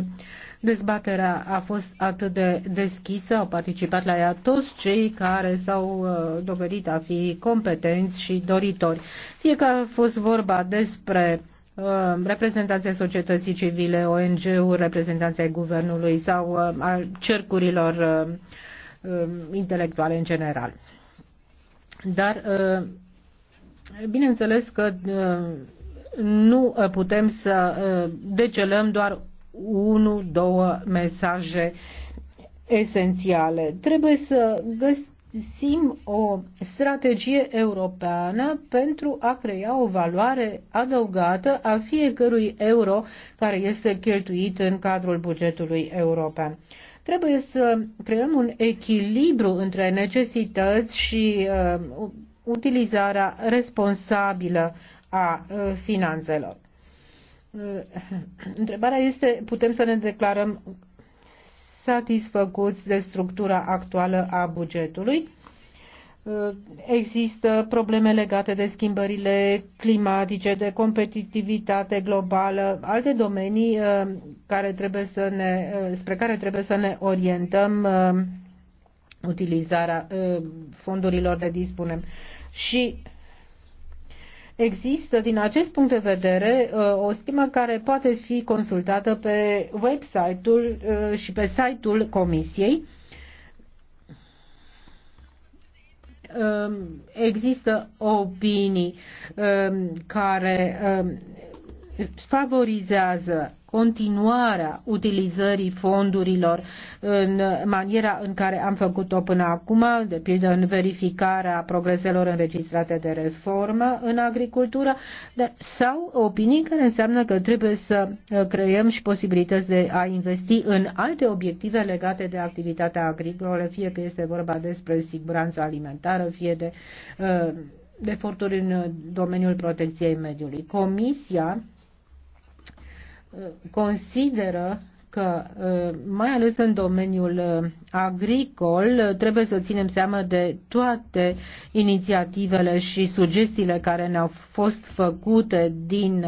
dezbaterea a fost atât de deschisă, au participat la ea toți cei care s-au dovedit a fi competenți și doritori. Fie că a fost vorba despre Uh, reprezentanții societății civile, ONG-uri, reprezentanții ai guvernului sau uh, a cercurilor uh, intelectuale în general. Dar bineînțeles că nu putem să decelăm doar unu, două mesaje esențiale. Trebuie să găsim găsim o strategie europeană pentru a crea o valoare adăugată a fiecărui euro care este cheltuit în cadrul bugetului european. Trebuie să creăm un echilibru între necesități și uh, utilizarea responsabilă a uh, finanțelor. Uh, întrebarea este, putem să ne declarăm satisfăcuți de structura actuală a bugetului. Uh, există probleme legate de schimbările climatice, de competitivitate globală, alte domenii uh, care trebuie să ne, uh, spre care trebuie să ne orientăm utilizarea fondurilor de dispunem. Și Există, din acest punct de vedere, uh, o schemă care poate fi consultată pe website-ul uh, și pe site-ul Comisiei. Um, există opinii um, care um, favorizează continuarea utilizării fondurilor în maniera în care am făcut-o până acum, de pildă în verificarea progreselor înregistrate de reformă în agricultură, sau opinii care înseamnă că trebuie să uh, creăm și posibilități de a investi în alte obiective legate de activitatea agricolă, fie că este vorba despre siguranța alimentară, fie de uh, eforturi în uh, domeniul protecției mediului. Comisia consideră că, uh, mai ales în domeniul uh, agricol, uh, trebuie să ținem seama de toate inițiativele și sugestiile care ne-au fost făcute din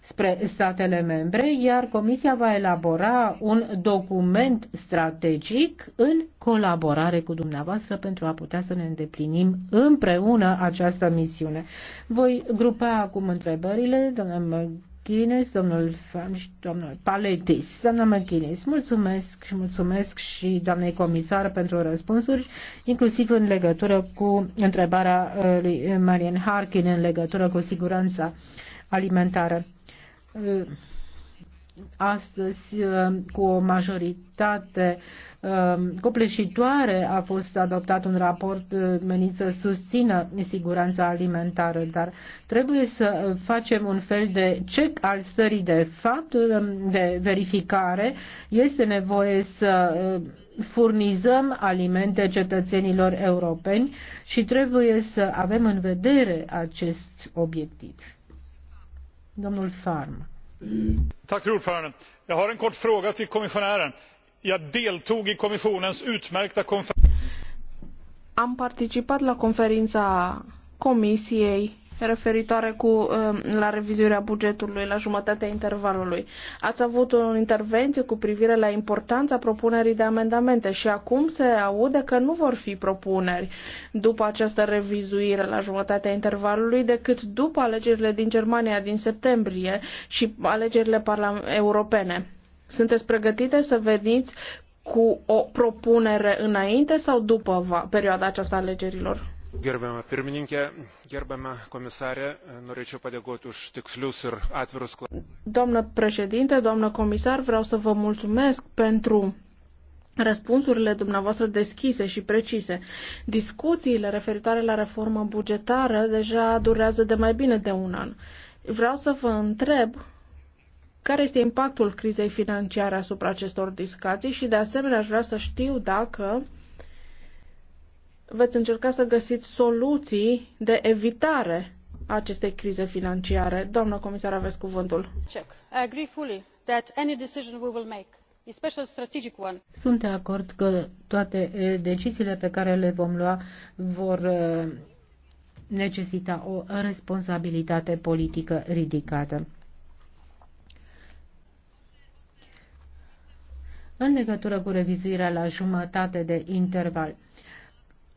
spre statele membre, iar Comisia va elabora un document strategic în colaborare cu dumneavoastră pentru a putea să ne îndeplinim împreună această misiune. Voi grupa acum întrebările, domnule McGuinness, domnul și domnul Paletis. Doamna McGuinness, mulțumesc, mulțumesc și doamnei comisar pentru răspunsuri, inclusiv în legătură cu întrebarea uh, lui Marian Harkin în legătură cu siguranța alimentară. Uh, Astăzi, uh, cu o majoritate Um, copleșitoare a fost adoptat un raport uh, menit să susțină siguranța alimentară, dar trebuie să facem un fel de check al stării de fapt, um, de verificare. Este nevoie să uh, furnizăm alimente cetățenilor europeni și trebuie să avem în vedere acest obiectiv. Domnul Farm. Tack, ordförande. Jag har en kort fråga till kommissionären jag deltog i kommissionens utmärkta konferens. Am participat la conferința comisiei referitoare cu, um, la revizuirea bugetului la jumătatea intervalului. Ați avut o intervenție cu privire la importanța propunerii de amendamente și acum se aude că nu vor fi propuneri după această revizuire la jumătatea intervalului decât după alegerile din Germania din septembrie și alegerile europene. Sunteți pregătite să veniți cu o propunere înainte sau după perioada aceasta alegerilor? Gerbiama pirmininkė, gerbiama komisarė, norėčiau padėkoti už tikslius ir atvirus klausimus. Doamnă președinte, domnă comisar, vreau să vă mulțumesc pentru răspunsurile dumneavoastră deschise și precise. Discuțiile referitoare la reformă bugetară deja durează de mai bine de un an. Vreau să vă întreb care este impactul crizei financiare asupra acestor discații și de asemenea aș vrea să știu dacă veți încerca să găsiți soluții de evitare a acestei crize financiare. Doamnă comisar, aveți cuvântul. Check. I agree fully that any decision we will make sunt de acord că toate deciziile pe care le vom lua vor necesita o responsabilitate politică ridicată. în legătură cu revizuirea la jumătate de interval,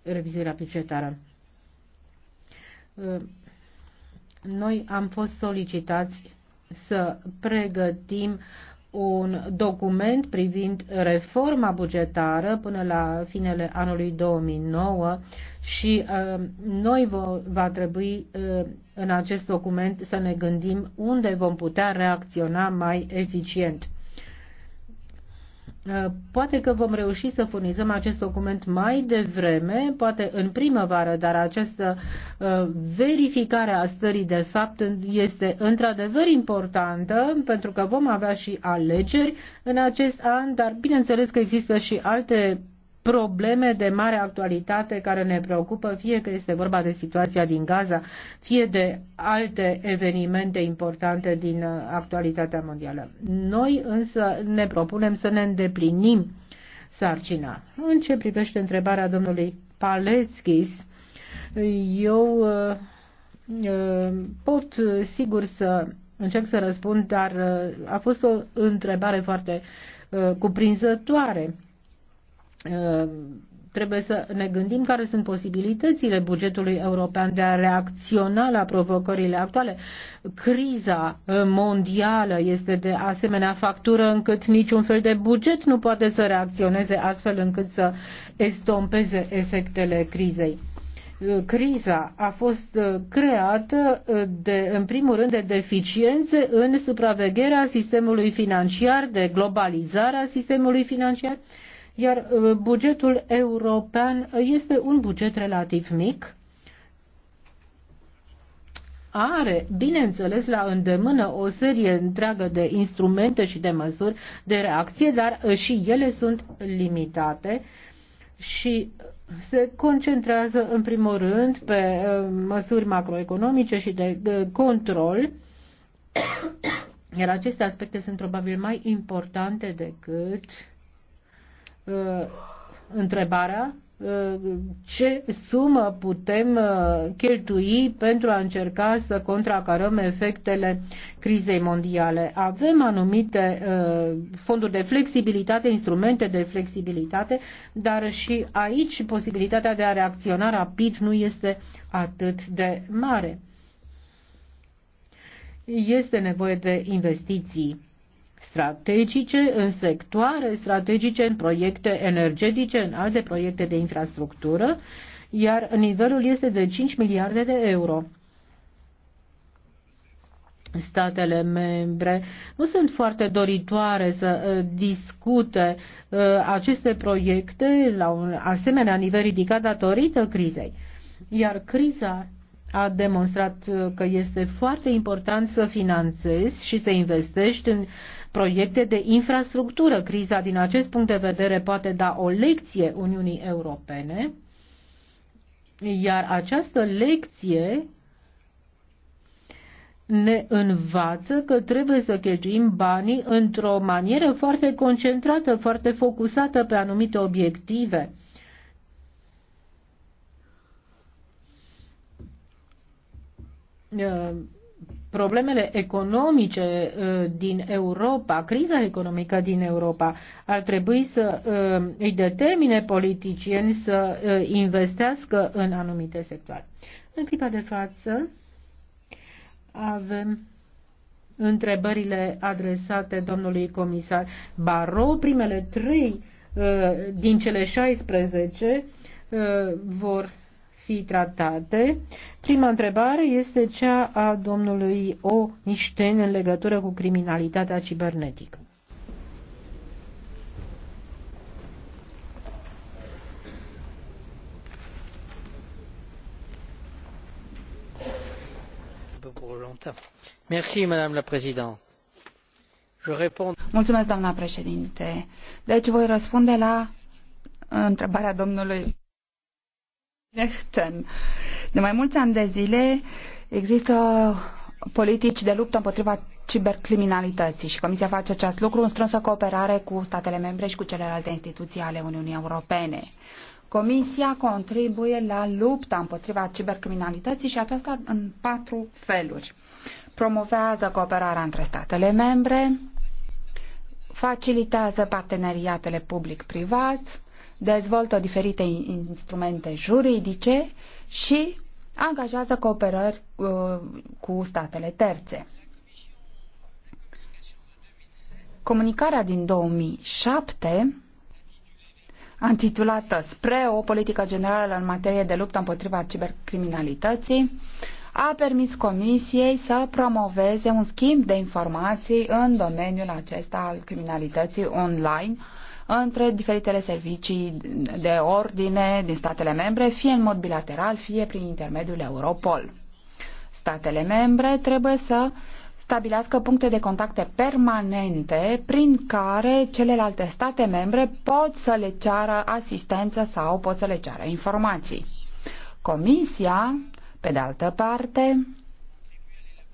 revizuirea bugetară. Noi am fost solicitați să pregătim un document privind reforma bugetară până la finele anului 2009 și uh, noi va trebui uh, în acest document să ne gândim unde vom putea reacționa mai eficient. Uh, poate că vom reuși să furnizăm acest document mai devreme, poate în primăvară, dar această uh, verificare a stării de fapt este într-adevăr importantă, pentru că vom avea și alegeri în acest an, dar bineînțeles că există și alte probleme de mare actualitate care ne preocupă, fie că este vorba de situația din Gaza, fie de alte evenimente importante din uh, actualitatea mondială. Noi însă ne propunem să ne îndeplinim sarcina. În ce privește întrebarea domnului Paleckis, eu uh, uh, pot sigur să încerc să răspund, dar a fost o întrebare foarte cuprinzătoare Ehm, trebuie să ne gândim care sunt posibilitățile bugetului european de a reacționa la provocările actuale. Criza eh, mondială este de asemenea factură încât niciun fel de buget nu poate să reacționeze astfel încât să estompeze efectele crizei. Eh, criza a fost eh, creată de, în primul rând de deficiențe în supravegherea sistemului financiar, de globalizarea sistemului financiar, iar uh, bugetul european uh, este un buget relativ mic, are, bineînțeles, la îndemână o serie întreagă de instrumente și de măsuri de reacție, dar uh, și ele sunt limitate și se concentrează în primul rând pe măsuri macroeconomice și de control, iar aceste aspecte sunt probabil mai importante decât Uh, întrebarea uh, ce sumă putem uh, cheltui pentru a încerca să contracarăm efectele crizei mondiale. Avem anumite fonduri de flexibilitate, instrumente de flexibilitate, dar și aici posibilitatea de a reacționa rapid nu este atât de mare. Este nevoie de investiții strategice, în sectoare strategice, în proiecte energetice, în alte proiecte de infrastructură, iar nivelul este de 5 miliarde de euro. Statele membre nu sunt foarte doritoare să uh, discute uh, aceste proiecte la un asemenea nivel ridicat datorită crizei. Iar criza a demonstrat că este foarte important să finanțezi și să investești în proiecte de infrastructură. Criza din acest punct de vedere poate da o lecție Uniunii Europene, iar această lecție ne învață că trebuie să cheltuim banii într-o manieră foarte concentrată, foarte focusată pe anumite obiective Uh, problemele economice uh, din Europa, criza economică din Europa, ar trebui să uh, îi determine politicieni să investească în anumite sectoare. În clipa de față avem întrebările adresate domnului comisar Baro, primele trei din cele 16 vor fi tratate Prima întrebare este cea a domnului O. Nișten în legătură cu criminalitatea cibernetică. Madame la Je Mulțumesc, doamna președinte. Deci voi răspunde la întrebarea domnului Nechten. De mai mulți ani de zile există politici de luptă împotriva cibercriminalității și Comisia face acest lucru în strânsă cooperare cu statele membre și cu celelalte instituții ale Uniunii Europene. Comisia contribuie la lupta împotriva cibercriminalității și aceasta în patru feluri. Promovează cooperarea între statele membre, facilitează parteneriatele public-privat, dezvoltă diferite instrumente juridice și angajează cooperări uh, cu statele terțe. Comunicarea din 2007, intitulată Spre o politică generală în materie de luptă împotriva cibercriminalității, a permis Comisiei să promoveze un schimb de informații în domeniul acesta al criminalității online, între diferitele servicii de ordine din statele membre, fie în mod bilateral, fie prin intermediul Europol. Statele membre trebuie să stabilească puncte de contacte permanente prin care celelalte state membre pot să le ceară asistență sau pot să le ceară informații. Comisia, pe de altă parte,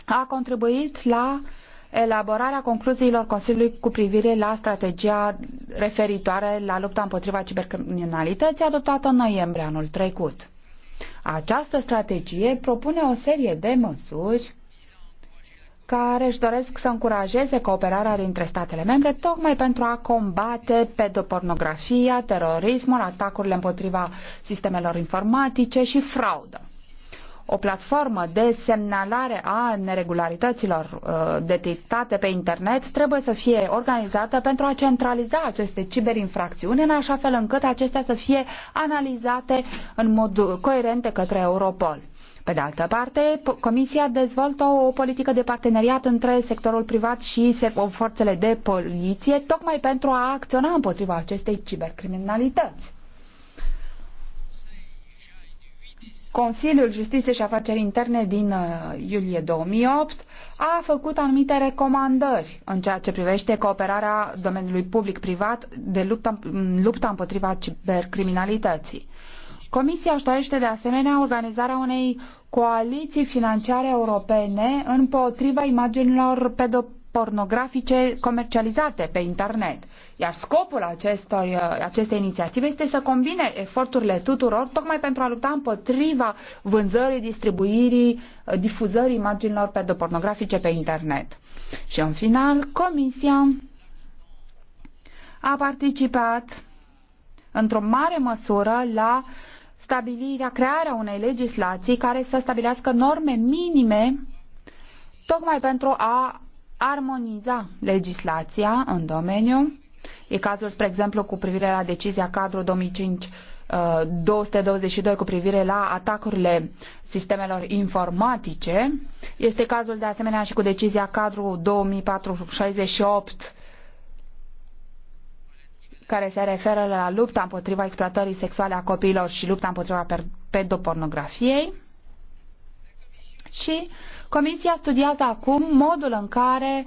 a contribuit la uh, elaborarea concluziilor Consiliului cu privire la strategia referitoare la lupta împotriva cibercriminalității adoptată în noiembrie anul trecut. Această strategie propune o serie de măsuri care își doresc să încurajeze cooperarea dintre statele membre tocmai pentru a combate pedopornografia, terorismul, atacurile împotriva sistemelor informatice și fraudă o platformă de semnalare a neregularităților uh, detectate pe internet trebuie să fie organizată pentru a centraliza aceste ciberinfracțiuni în așa fel încât acestea să fie analizate în mod coerent de către Europol. Pe de altă parte, Comisia dezvoltă o politică de parteneriat între sectorul privat și forțele de poliție, tocmai pentru a acționa împotriva acestei cibercriminalități. Consiliul Justiției și Afaceri Interne din uh, iulie 2008 a făcut anumite recomandări în ceea ce privește cooperarea domeniului public-privat de lupta, lupta împotriva cibercriminalității. Comisia își dorește de asemenea organizarea unei coaliții financiare europene împotriva imaginilor pedopornografice comercializate pe internet iar scopul acestor, uh, acestei inițiative este să combine eforturile tuturor tocmai pentru a lupta împotriva vânzării, distribuirii, uh, difuzării imaginilor pedopornografice pe internet. Și în final, Comisia a participat într-o mare măsură la stabilirea, crearea unei legislații care să stabilească norme minime tocmai pentru a armoniza legislația în domeniu E cazul, spre exemplu, cu privire la decizia cadru 2005 222 uh, cu privire la atacurile sistemelor informatice. Este cazul de asemenea și cu decizia cadru 2468 care se referă la lupta împotriva exploatării sexuale a copiilor și lupta împotriva pedopornografiei. Și Comisia studiază acum modul în care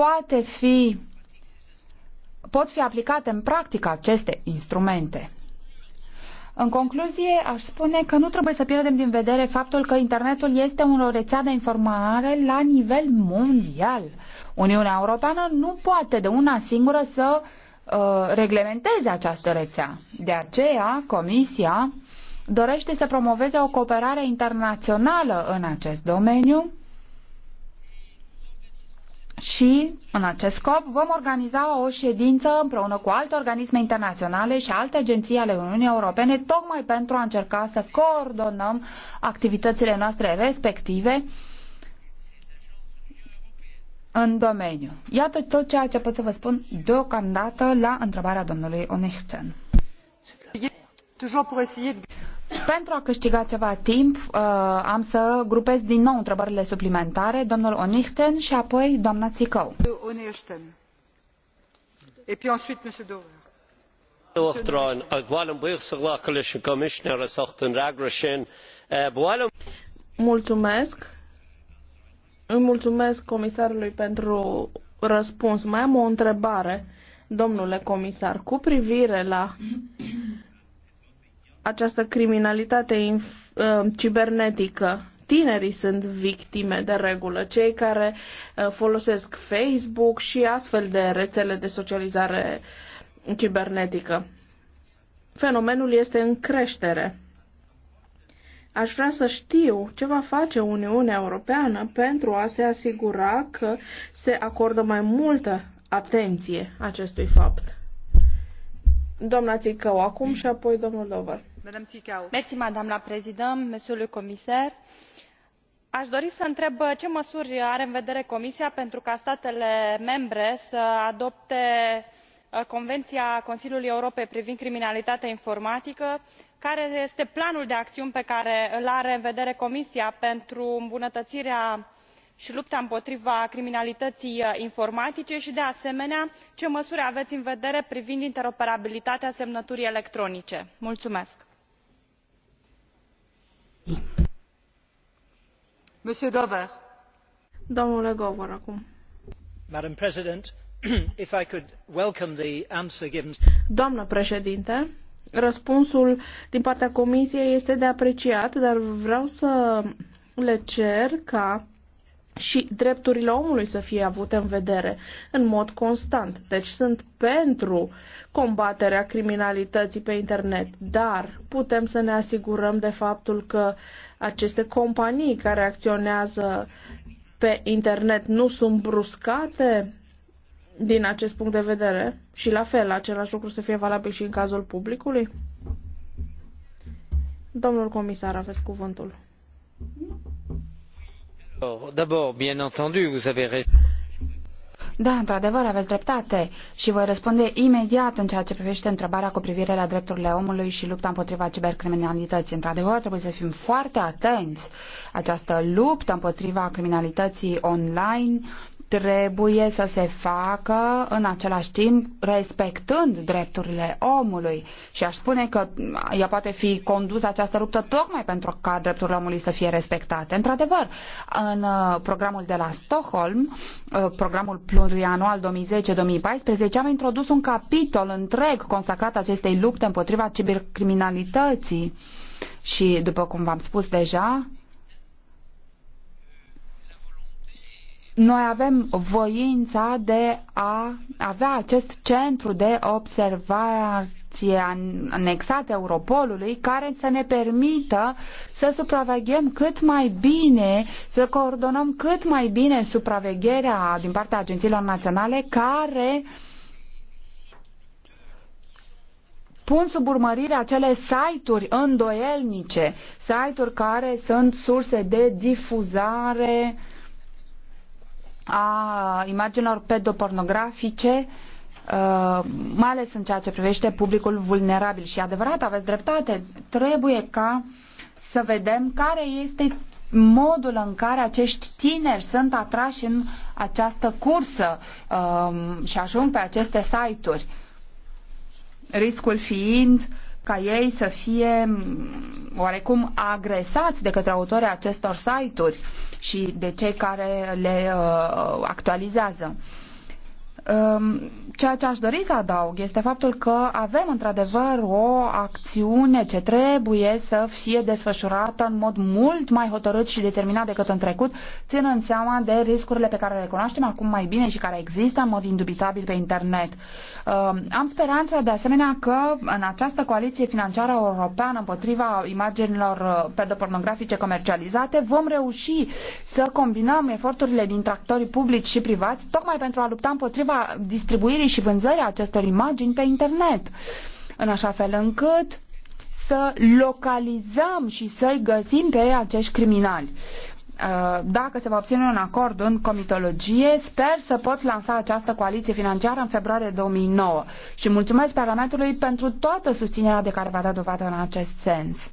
poate fi, pot fi aplicate în practică aceste instrumente. În concluzie, aș spune că nu trebuie să pierdem din vedere faptul că internetul este o rețea de informare la nivel mondial. Uniunea Europeană nu poate de una singură să uh, reglementeze această rețea. De aceea, Comisia dorește să promoveze o cooperare internațională în acest domeniu și, în acest scop, vom organiza o ședință împreună cu alte organisme internaționale și alte agenții ale Uniunii Europene, tocmai pentru a încerca să coordonăm activitățile noastre respective în domeniu. Iată tot ceea ce pot să vă spun deocamdată la întrebarea domnului Onechten. Pentru a câștiga ceva timp, uh, am să grupez din nou întrebările suplimentare, domnul Onichten și apoi doamna Țicău. Eh, mulțumesc. Îmi mulțumesc comisarului pentru răspuns. Mai am o întrebare, domnule comisar, cu privire la această criminalitate uh, cibernetică. Tinerii sunt victime de regulă, cei care uh, folosesc Facebook și astfel de rețele de socializare cibernetică. Fenomenul este în creștere. Aș vrea să știu ce va face Uniunea Europeană pentru a se asigura că se acordă mai multă atenție acestui fapt. Doamna Țicău acum și apoi domnul Dover președintă, domnule comisar, aș dori să întreb uh, ce măsuri are în vedere comisia pentru ca statele membre să adopte uh, convenția consiliului europei privind criminalitatea informatică care este planul de acțiune pe care îl are în vedere comisia pentru îmbunătățirea și lupta împotriva criminalității uh, informatice și de asemenea ce măsuri aveți în vedere privind interoperabilitatea semnăturii electronice? Mulțumesc. Domnule Doamnă președinte, răspunsul din partea comisiei este de apreciat, dar vreau să le cer ca și drepturile omului să fie avute în vedere în mod constant. Deci sunt pentru combaterea criminalității pe internet, dar putem să ne asigurăm de faptul că aceste companii care acționează pe internet nu sunt bruscate din acest punct de vedere și la fel același lucru să fie valabil și în cazul publicului? Domnul comisar, aveți cuvântul. Oh, da, într-adevăr, aveți dreptate și voi răspunde imediat în ceea ce privește întrebarea cu privire la drepturile omului și lupta împotriva cibercriminalității. Într-adevăr, trebuie să fim foarte atenți. Această luptă împotriva criminalității online trebuie să se facă în același timp respectând drepturile omului și aș spune că ea poate fi condusă această luptă tocmai pentru ca drepturile omului să fie respectate. Într-adevăr, în uh, programul de la Stockholm, uh, programul plurianual 2010-2014, am introdus un capitol întreg consacrat acestei lupte împotriva cibercriminalității și, după cum v-am spus deja, noi avem voința de a avea acest centru de observație anexat Europolului care să ne permită să supraveghem cât mai bine, să coordonăm cât mai bine supravegherea din partea agențiilor naționale care pun sub urmărire acele site-uri îndoielnice, site-uri care sunt surse de difuzare a imaginilor pedopornografice, uh, mai ales în ceea ce privește publicul vulnerabil. Și adevărat, aveți dreptate, trebuie ca să vedem care este modul în care acești tineri sunt atrași în această cursă um, și ajung pe aceste site-uri. Riscul fiind ca ei să fie oarecum agresați de către autorii acestor site-uri. Uh, și de cei care le uh, actualizează. Ehm, ceea ce aș dori să adaug este faptul că avem într-adevăr o acțiune ce trebuie să fie desfășurată în mod mult mai hotărât și determinat decât în trecut, ținând seama de riscurile pe care le cunoaștem acum mai bine și care există în mod indubitabil pe internet. Ehm, am speranța de asemenea că în această coaliție financiară europeană împotriva imaginilor uh, pedopornografice comercializate vom reuși să combinăm eforturile din tractorii publici și privați tocmai pentru a lupta împotriva împotriva distribuirii și vânzării acestor imagini pe internet, în așa fel încât să localizăm și să-i găsim pe acești criminali uh, dacă se va obține un acord în comitologie, sper să pot lansa această coaliție financiară în februarie 2009 și mulțumesc Parlamentului pentru toată susținerea de care v-a dat dovadă în acest sens.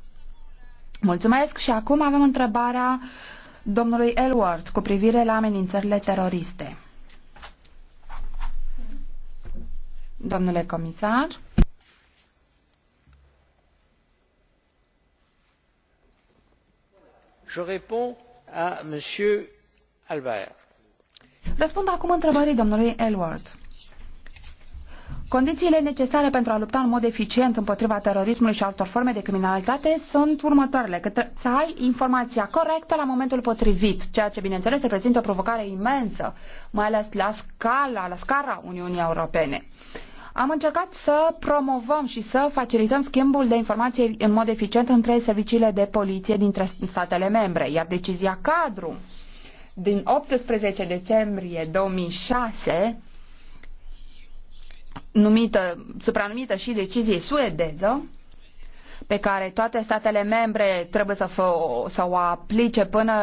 Mulțumesc și acum avem întrebarea domnului Elward cu privire la amenințările teroriste. Domnule comisar. Je réponds à monsieur Albert. Răspund acum întrebării domnului Elward. Condițiile necesare pentru a lupta în mod eficient împotriva terorismului și altor forme de criminalitate sunt următoarele. Că să ai informația corectă la momentul potrivit, ceea ce, bineînțeles, reprezintă o provocare imensă, mai ales la scala, la scara Uniunii Europene. Uh, am încercat să promovăm și să facilităm schimbul de informații în mod eficient între serviciile de poliție dintre statele membre, iar decizia cadru din 18 decembrie 2006, numită, supranumită și decizie suedeză, pe care toate statele membre trebuie să, să o aplice până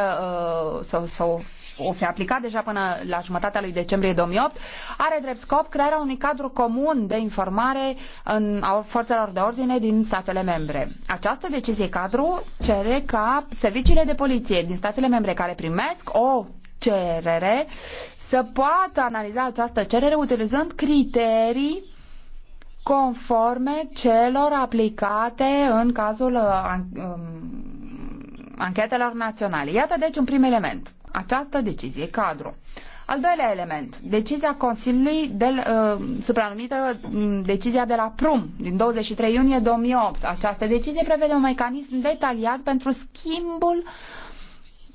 uh, să, să o, o fi aplicat deja până la jumătatea lui decembrie 2008, are drept scop crearea unui cadru comun de informare în, a forțelor de ordine din statele membre. Această decizie cadru cere ca serviciile de poliție din statele membre care primesc o cerere să poată analiza această cerere utilizând criterii conforme celor aplicate în cazul uh, um, anchetelor naționale. Iată deci un prim element, această decizie cadru. Al doilea element, decizia Consiliului de, uh, supranumită mm, decizia de la Prum din 23 iunie 2008. Această decizie prevede un mecanism detaliat pentru schimbul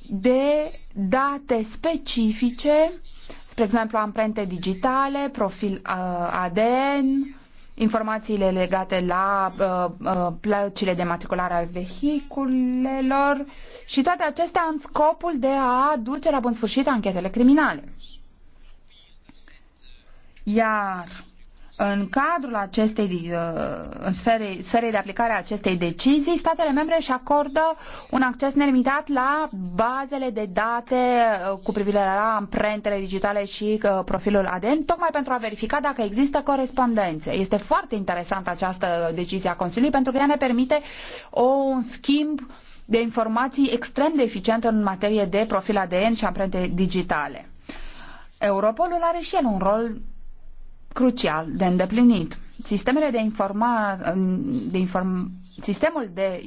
de date specifice, spre exemplu amprente digitale, profil uh, ADN, informațiile legate la uh, uh, plăcile de matriculare al vehiculelor și toate acestea în scopul de a duce la bun sfârșit anchetele criminale. Iar în cadrul acestei, uh, în sferei, sferei de aplicare a acestei decizii, statele membre își acordă un acces nelimitat la bazele de date uh, cu privire la amprentele digitale și uh, profilul ADN, tocmai pentru a verifica dacă există corespondențe. Este foarte interesantă această decizie a Consiliului pentru că ea ne permite un schimb de informații extrem de eficient în materie de profil ADN și amprente digitale. Europolul are și el un rol crucial de îndeplinit. Sistemele de informa, de inform, sistemul de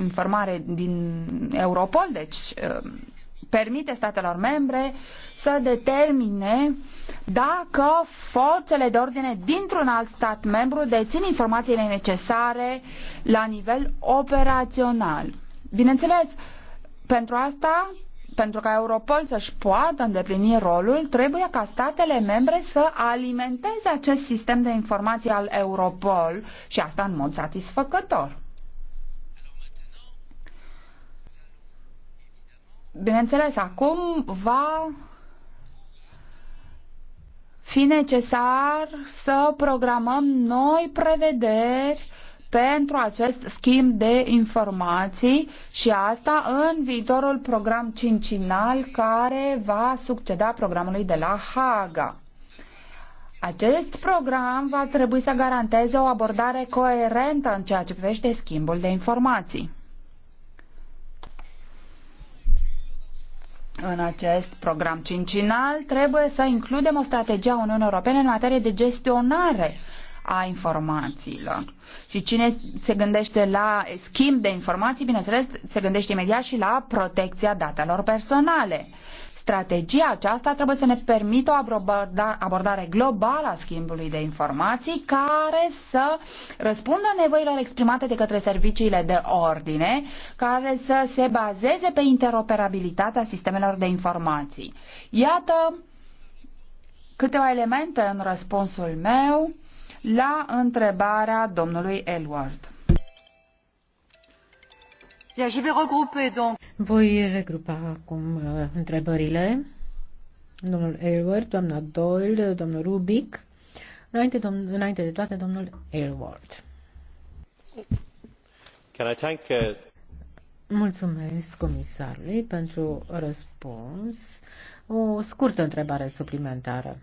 informare din Europol, deci um, permite statelor membre să determine dacă forțele de ordine dintr-un alt stat membru dețin informațiile necesare la nivel operațional. Bineînțeles, pentru asta pentru ca Europol să-și poată îndeplini rolul, trebuie ca statele membre să alimenteze acest sistem de informații al Europol și asta în mod satisfăcător. Bineînțeles, acum va fi necesar să programăm noi prevederi pentru acest schimb de informații și asta în viitorul program cincinal care va succeda programului de la Haga. Acest program va trebui să garanteze o abordare coerentă în ceea ce privește schimbul de informații. În acest program cincinal trebuie să includem o strategie a Uniunii Europene în materie de gestionare a informațiilor. Și cine se gândește la schimb de informații, bineînțeles, se gândește imediat și la protecția datelor personale. Strategia aceasta trebuie să ne permită o abordare globală a schimbului de informații care să răspundă nevoilor exprimate de către serviciile de ordine, care să se bazeze pe interoperabilitatea sistemelor de informații. Iată câteva elemente în răspunsul meu la întrebarea domnului Elward. Voi regrupa acum uh, întrebările. Domnul Elward, doamna Doyle, domnul Rubic, înainte, dom- înainte de toate domnul Elward. Can I thank, uh... Mulțumesc comisarului pentru răspuns. O scurtă întrebare suplimentară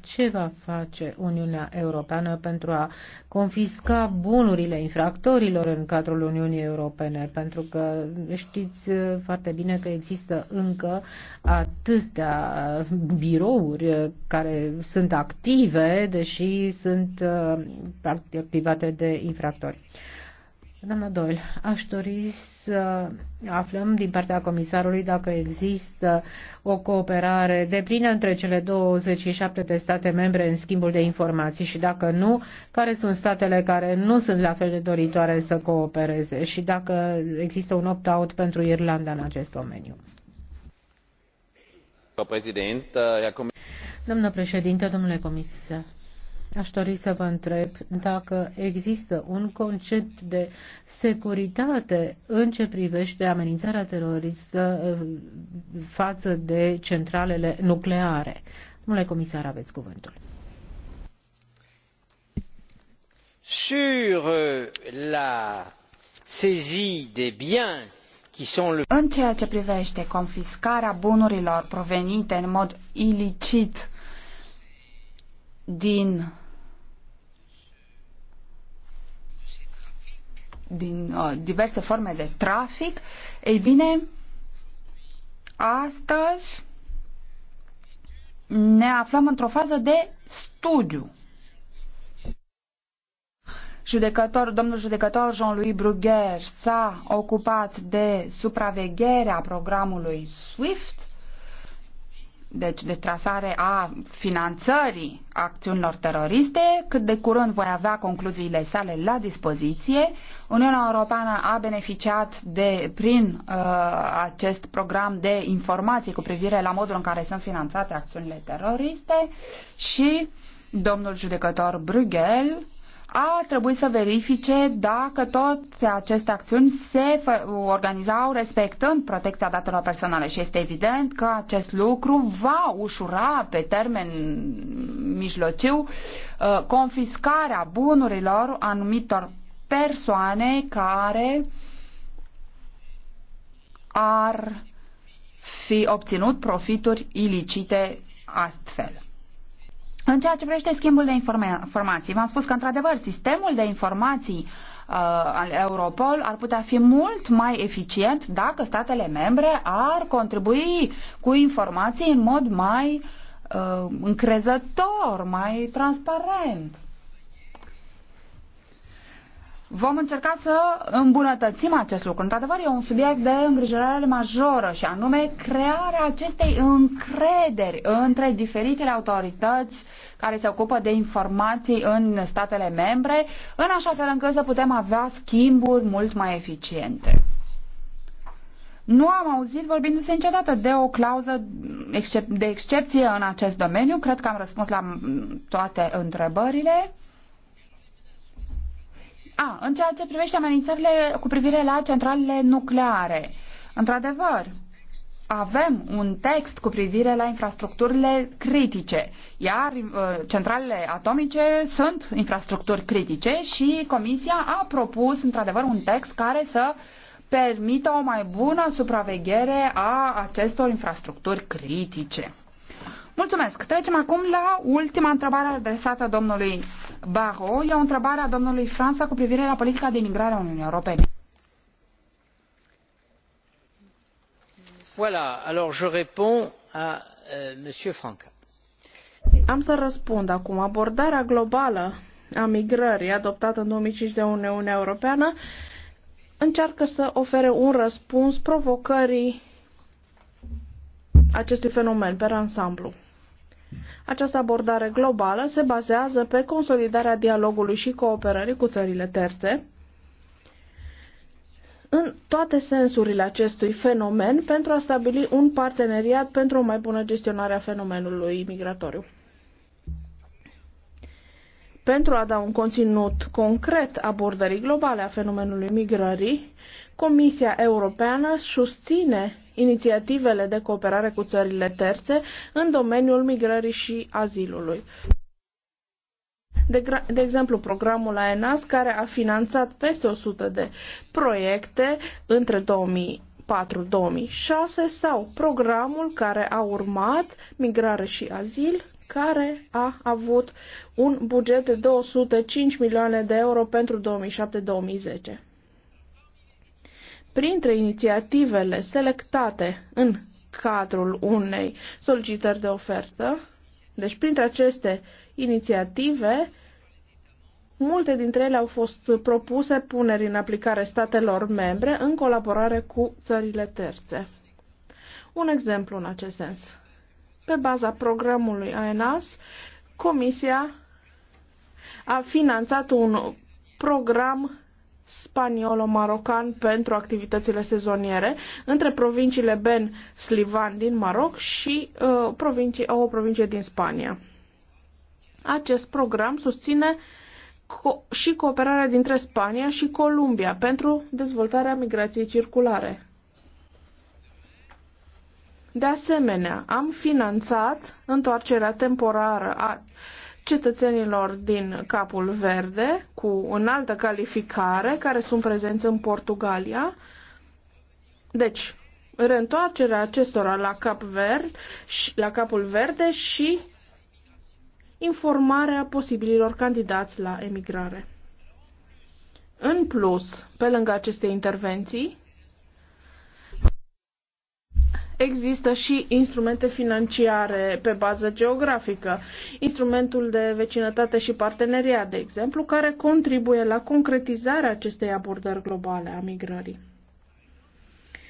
ce va face Uniunea Europeană pentru a confisca bunurile infractorilor în cadrul Uniunii Europene? Pentru că știți uh, foarte bine că există încă atâtea birouri uh, care sunt active, deși sunt uh, activate de infractori. Doamna Doyle, aș dori să aflăm din partea comisarului dacă există o cooperare deplină între cele 27 de state membre în schimbul de informații și dacă nu, care sunt statele care nu sunt la fel de doritoare să coopereze și dacă există un opt-out pentru Irlanda în acest domeniu. Domnule președinte, domnule comisar, Aș dori să vă întreb dacă există un concept de securitate în ce privește amenințarea teroristă uh, față de centralele nucleare. Domnule comisar, aveți cuvântul. Sur uh, la saisie des biens În ceea ce privește confiscarea bunurilor provenite în mod ilicit din din uh, diverse forme de trafic, ei bine, astăzi ne aflăm într-o fază de studiu. Judecător, domnul judecător Jean-Louis Bruguer s-a ocupat de supravegherea programului SWIFT deci de trasare a finanțării acțiunilor teroriste. Cât de curând voi avea concluziile sale la dispoziție. Uniunea Europeană a beneficiat de, prin uh, acest program de informații cu privire la modul în care sunt finanțate acțiunile teroriste și domnul judecător Bruegel a trebuit să verifice dacă toate aceste acțiuni se organizau respectând protecția datelor personale și este evident că acest lucru va ușura pe termen mijlociu uh, confiscarea bunurilor anumitor persoane care ar fi obținut profituri ilicite astfel. În ceea ce privește schimbul de informa informații, v-am spus că, într-adevăr, sistemul de informații uh, al Europol ar putea fi mult mai eficient dacă statele membre ar contribui cu informații în mod mai uh, încrezător, mai transparent. Vom încerca să îmbunătățim acest lucru. Într-adevăr, e un subiect de îngrijorare majoră și anume crearea acestei încrederi între diferitele autorități care se ocupă de informații în statele membre, în așa fel încât să putem avea schimburi mult mai eficiente. Nu am auzit vorbindu-se niciodată de o clauză de excepție în acest domeniu. Cred că am răspuns la toate întrebările. A, în ceea ce privește amenințările cu privire la centralele nucleare. Într-adevăr, avem un text cu privire la infrastructurile critice, iar uh, centralele atomice sunt infrastructuri critice și Comisia a propus într-adevăr un text care să permită o mai bună supraveghere a acestor infrastructuri critice. Mulțumesc. Trecem acum la ultima întrebare adresată domnului Baro. E o întrebare a domnului Franța cu privire la politica de imigrare a Uniunii Europene. Voilà, alors je réponds à euh, monsieur Franca. Am să răspund acum. Abordarea globală a migrării adoptată în 2005 de Uniunea Europeană încearcă să ofere un răspuns provocării acestui fenomen pe ansamblu. Această abordare globală se bazează pe consolidarea dialogului și cooperării cu țările terțe, în toate sensurile acestui fenomen pentru a stabili un parteneriat pentru o mai bună gestionare a fenomenului migratoriu. Pentru a da un conținut concret abordării globale a fenomenului migrării, Comisia Europeană susține inițiativele de cooperare cu țările terțe în domeniul migrării și azilului. De, de exemplu, programul AENAS, care a finanțat peste 100 de proiecte între 2000 2004-2006 sau programul care a urmat Migrare și Azil, care a avut un buget de 205 milioane de euro pentru 2007-2010. Printre inițiativele selectate în cadrul unei solicitări de ofertă, deci printre aceste inițiative, multe dintre ele au fost propuse puneri în aplicare statelor membre în colaborare cu țările terțe. Un exemplu în acest sens. Pe baza programului ANAS, Comisia a finanțat un program spaniolo-marocan pentru activitățile sezoniere între provinciile Ben Slivan din Maroc și uh, provincie, o provincie din Spania. Acest program susține co- și cooperarea dintre Spania și Columbia pentru dezvoltarea migrației circulare. De asemenea, am finanțat întoarcerea temporară a cetățenilor din Capul Verde cu înaltă calificare care sunt prezenți în Portugalia. Deci, reîntoarcerea acestora la, Cap Verde, la Capul Verde și informarea posibililor candidați la emigrare. În plus, pe lângă aceste intervenții, există și instrumente financiare pe bază geografică, instrumentul de vecinătate și parteneriat, de exemplu, care contribuie la concretizarea acestei abordări globale a migrării.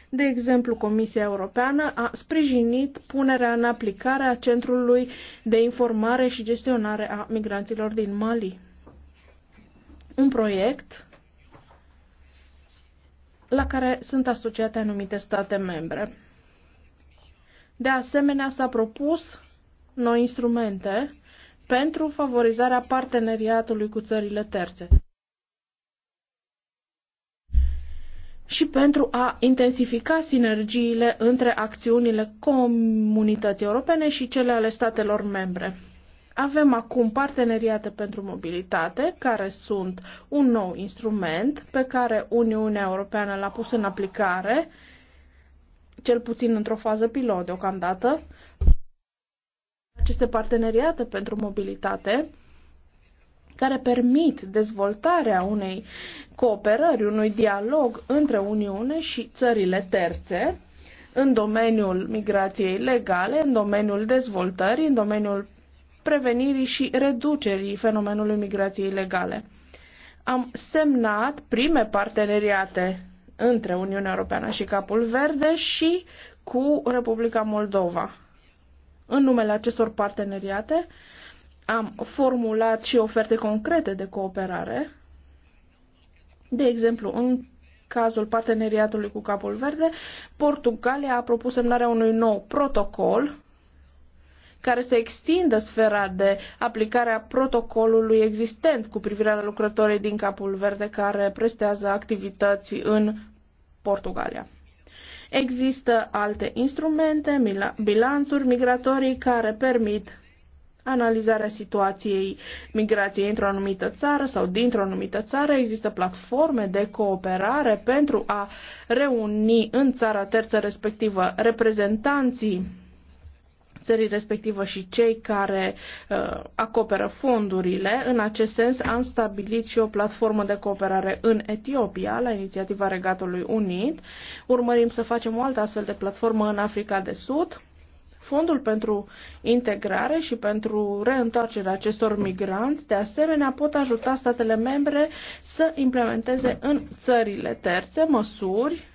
De exemplu, Comisia Europeană a sprijinit punerea în aplicare a Centrului de Informare și Gestionare a Migranților din Mali. Un proiect la care sunt asociate anumite state membre. De asemenea, s-a propus noi instrumente pentru favorizarea parteneriatului cu țările terțe și pentru a intensifica sinergiile între acțiunile comunității europene și cele ale statelor membre. Avem acum parteneriate pentru mobilitate, care sunt un nou instrument pe care Uniunea Europeană l-a pus în aplicare cel puțin într-o fază pilot deocamdată, aceste parteneriate pentru mobilitate care permit dezvoltarea unei cooperări, unui dialog între Uniune și țările terțe în domeniul migrației legale, în domeniul dezvoltării, în domeniul prevenirii și reducerii fenomenului migrației legale. Am semnat prime parteneriate între Uniunea Europeană și Capul Verde și cu Republica Moldova. În numele acestor parteneriate am formulat și oferte concrete de cooperare, de exemplu, în cazul parteneriatului cu Capul Verde, Portugalia a propus semnarea unui nou protocol care să extindă sfera de aplicare a protocolului existent cu privire la lucrătorii din Capul Verde care prestează activități în Portugalia. Există alte instrumente, bilanțuri migratorii care permit analizarea situației migrației într-o anumită țară sau dintr-o anumită țară. Există platforme de cooperare pentru a reuni în țara terță respectivă reprezentanții țării respectivă și cei care uh, acoperă fondurile. În acest sens am stabilit și o platformă de cooperare în Etiopia la inițiativa Regatului Unit. Urmărim să facem o altă astfel de platformă în Africa de Sud. Fondul pentru integrare și pentru reîntoarcerea acestor migranți, de asemenea, pot ajuta statele membre să implementeze în țările terțe măsuri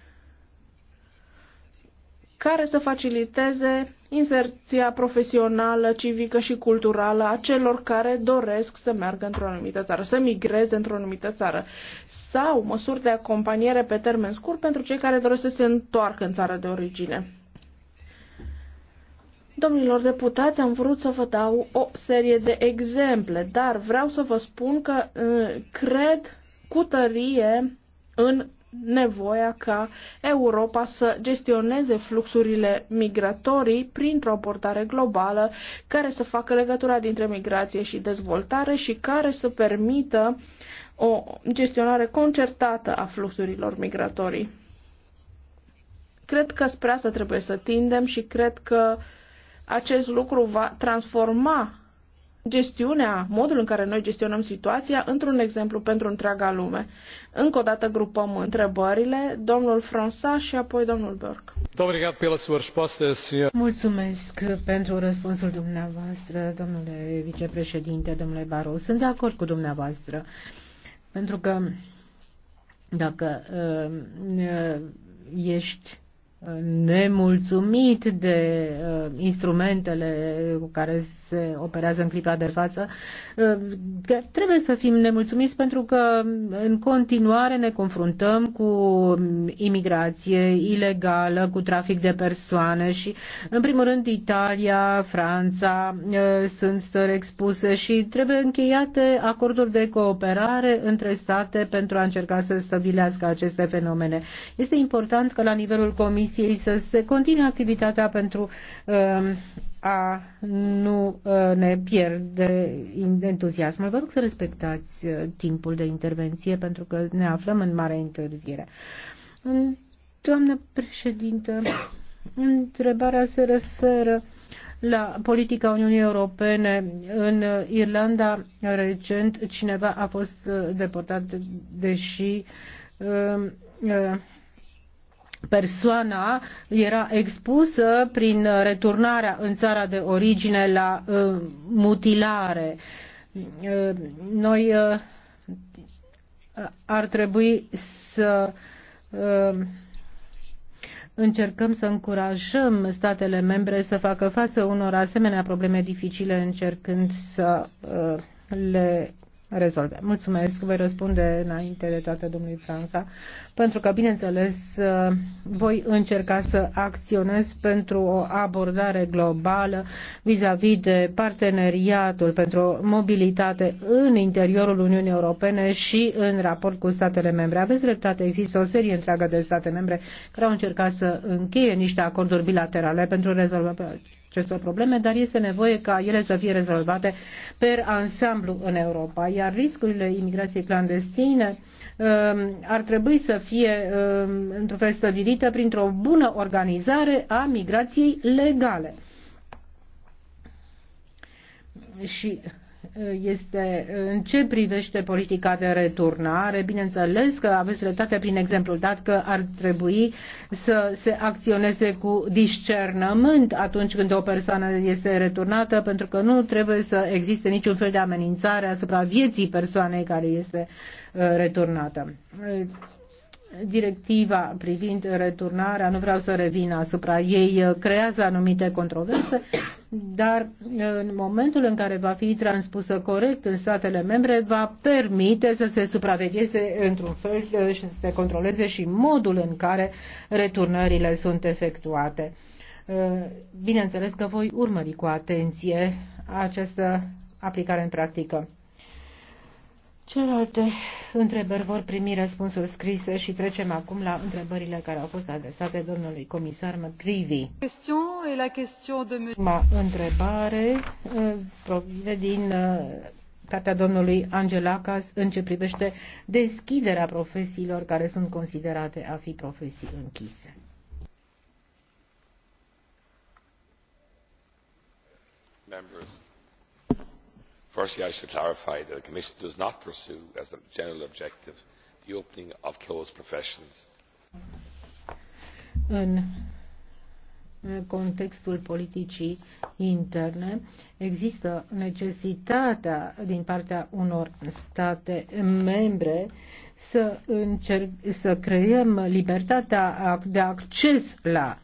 care să faciliteze inserția profesională, civică și culturală a celor care doresc să meargă într-o anumită țară, să migreze într-o anumită țară sau măsuri de acompaniere pe termen scurt pentru cei care doresc să se întoarcă în țara de origine. Domnilor deputați, am vrut să vă dau o serie de exemple, dar vreau să vă spun că uh, cred cu tărie în nevoia ca Europa să gestioneze fluxurile migratorii printr-o abordare globală care să facă legătura dintre migrație și dezvoltare și care să permită o gestionare concertată a fluxurilor migratorii. Cred că spre asta trebuie să tindem și cred că acest lucru va transforma gestiunea, modul în care noi gestionăm situația într-un exemplu pentru întreaga lume. Încă o dată grupăm întrebările, domnul Fransa și apoi domnul Berg. Mulțumesc pentru răspunsul dumneavoastră, domnule vicepreședinte, domnule Baro. Sunt de acord cu dumneavoastră, pentru că dacă uh, uh ești nemulțumit de uh, instrumentele cu care se operează în clipa de față, Trebuie să fim nemulțumiți pentru că în continuare ne confruntăm cu imigrație ilegală, cu trafic de persoane și, în primul rând, Italia, Franța sunt țări expuse și trebuie încheiate acorduri de cooperare între state pentru a încerca să stabilească aceste fenomene. Este important că la nivelul Comisiei să se continue activitatea pentru a nu ă, ne pierde entuziasmul. Vă rog să respectați ă, timpul de intervenție pentru că ne aflăm în mare întârziere. Doamnă președintă, întrebarea se referă la politica Uniunii Europene. În Irlanda, recent, cineva a fost ă, deportat, deși uh, uh, persoana era expusă prin returnarea în țara de origine la uh, mutilare. Uh, noi uh, ar trebui să uh, încercăm să încurajăm statele membre să facă față unor asemenea probleme dificile încercând să uh, le rezolve. Mulțumesc, voi răspunde înainte de toate domnului Franța, pentru că, bineînțeles, voi încerca să acționez pentru o abordare globală vis-a-vis -vis de parteneriatul pentru o mobilitate în interiorul Uniunii Europene și în raport cu statele membre. Aveți dreptate, există o serie întreagă de state membre care au încercat să încheie niște acorduri bilaterale pentru rezolvarea acestor probleme, dar este nevoie ca ele să fie rezolvate per ansamblu în Europa. Iar riscurile imigrației clandestine um, ar trebui să fie um, într-un fel stăvilite printr-o bună organizare a migrației legale. Și este în ce privește politica de returnare, bineînțeles că aveți dreptate prin exemplu dat că ar trebui să se acționeze cu discernământ atunci când o persoană este returnată, pentru că nu trebuie să existe niciun fel de amenințare asupra vieții persoanei care este uh, returnată directiva privind returnarea, nu vreau să revin asupra ei, uh, creează anumite controverse, dar uh, în momentul în care va fi transpusă corect în statele membre, va permite să se supravegheze într-un fel uh, și să se controleze și modul în care returnările sunt efectuate. Bineînțeles că voi urmări cu atenție această aplicare în practică. Celelalte întrebări vor primi răspunsuri scrise și trecem acum la întrebările care au fost adresate domnului comisar McGreevy. Prima întrebare uh, provine din cartea uh, domnului Angelacas în ce privește deschiderea profesiilor care sunt considerate a fi profesii închise. Members firstly i should clarify that the commission does not pursue as a general objective the opening of closed professions. în contextul politicii interne există necesitatea din partea unor state membre să, încerc, să creăm libertatea de acces la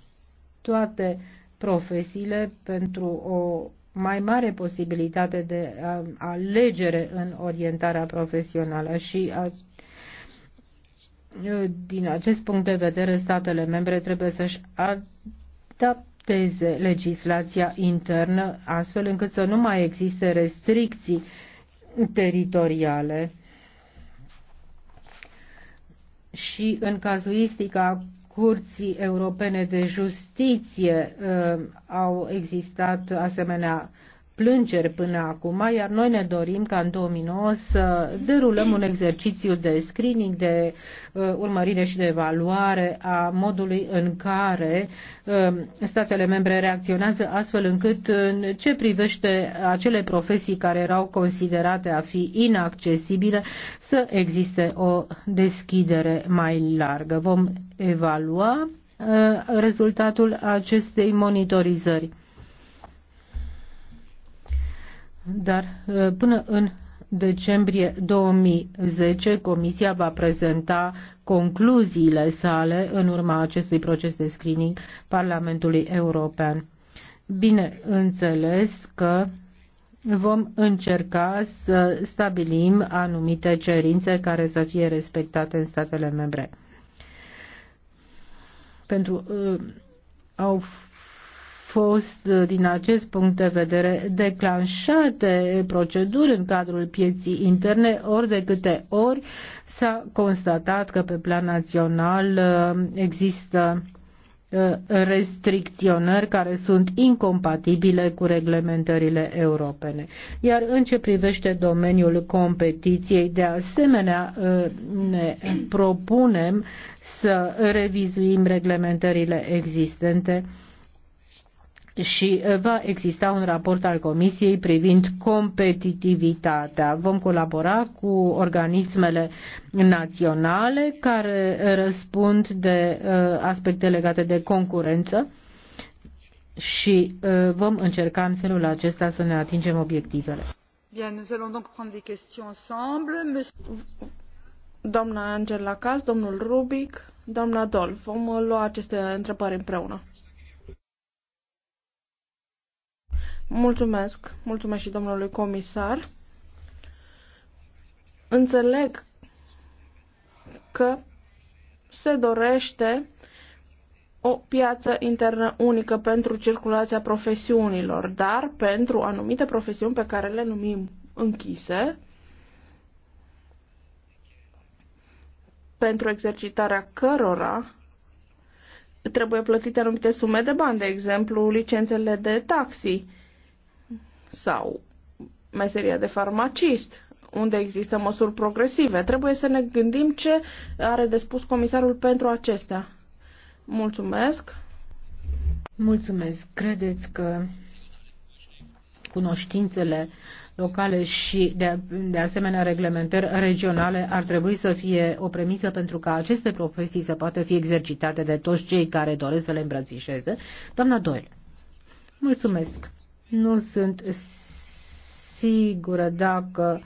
toate profesiile pentru o mai mare posibilitate de um, alegere în orientarea profesională și a, uh, uh, din acest punct de vedere statele membre trebuie să-și adapteze legislația internă astfel încât să nu mai existe restricții teritoriale și în cazuistica Curții Europene de Justiție uh, au existat asemenea plângeri până acum, iar noi ne dorim ca în 2009 să derulăm un exercițiu de screening, de uh, urmărire și de evaluare a modului în care uh, statele membre reacționează astfel încât în ce privește acele profesii care erau considerate a fi inaccesibile să existe o deschidere mai largă. Vom evalua uh, rezultatul acestei monitorizări dar uh, până în decembrie 2010 Comisia va prezenta concluziile sale în urma acestui proces de screening Parlamentului European. Bineînțeles că vom încerca să stabilim anumite cerințe care să fie respectate în statele membre. Pentru uh, au fost, uh, din acest punct de vedere, declanșate proceduri în cadrul pieții interne, ori de câte ori s-a constatat că pe plan național uh, există uh, restricționări care sunt incompatibile cu reglementările europene. Iar în ce privește domeniul competiției, de asemenea ne propunem să revizuim reglementările existente și uh, va exista un raport al Comisiei privind competitivitatea. Vom colabora cu organismele naționale care răspund de uh, aspecte legate de concurență și uh, vom încerca în felul acesta să ne atingem obiectivele. Bien, nous allons donc prendre des questions ensemble. Doamna Angela Cas, domnul Rubic, doamna Dol, vom lua aceste întrebări împreună. Mulțumesc. Mulțumesc și domnului comisar. Înțeleg că se dorește o piață internă unică pentru circulația profesiunilor, dar pentru anumite profesiuni pe care le numim închise, pentru exercitarea cărora trebuie plătite anumite sume de bani, de exemplu licențele de taxi sau meseria de farmacist, unde există măsuri progresive. Trebuie să ne gândim ce are de spus comisarul pentru acestea. Mulțumesc. Mulțumesc. Credeți că cunoștințele locale și de, de asemenea reglementări regionale ar trebui să fie o premisă pentru ca aceste profesii să poată fi exercitate de toți cei care doresc să le îmbrățișeze. Doamna Doyle, mulțumesc. Nu sunt sigură dacă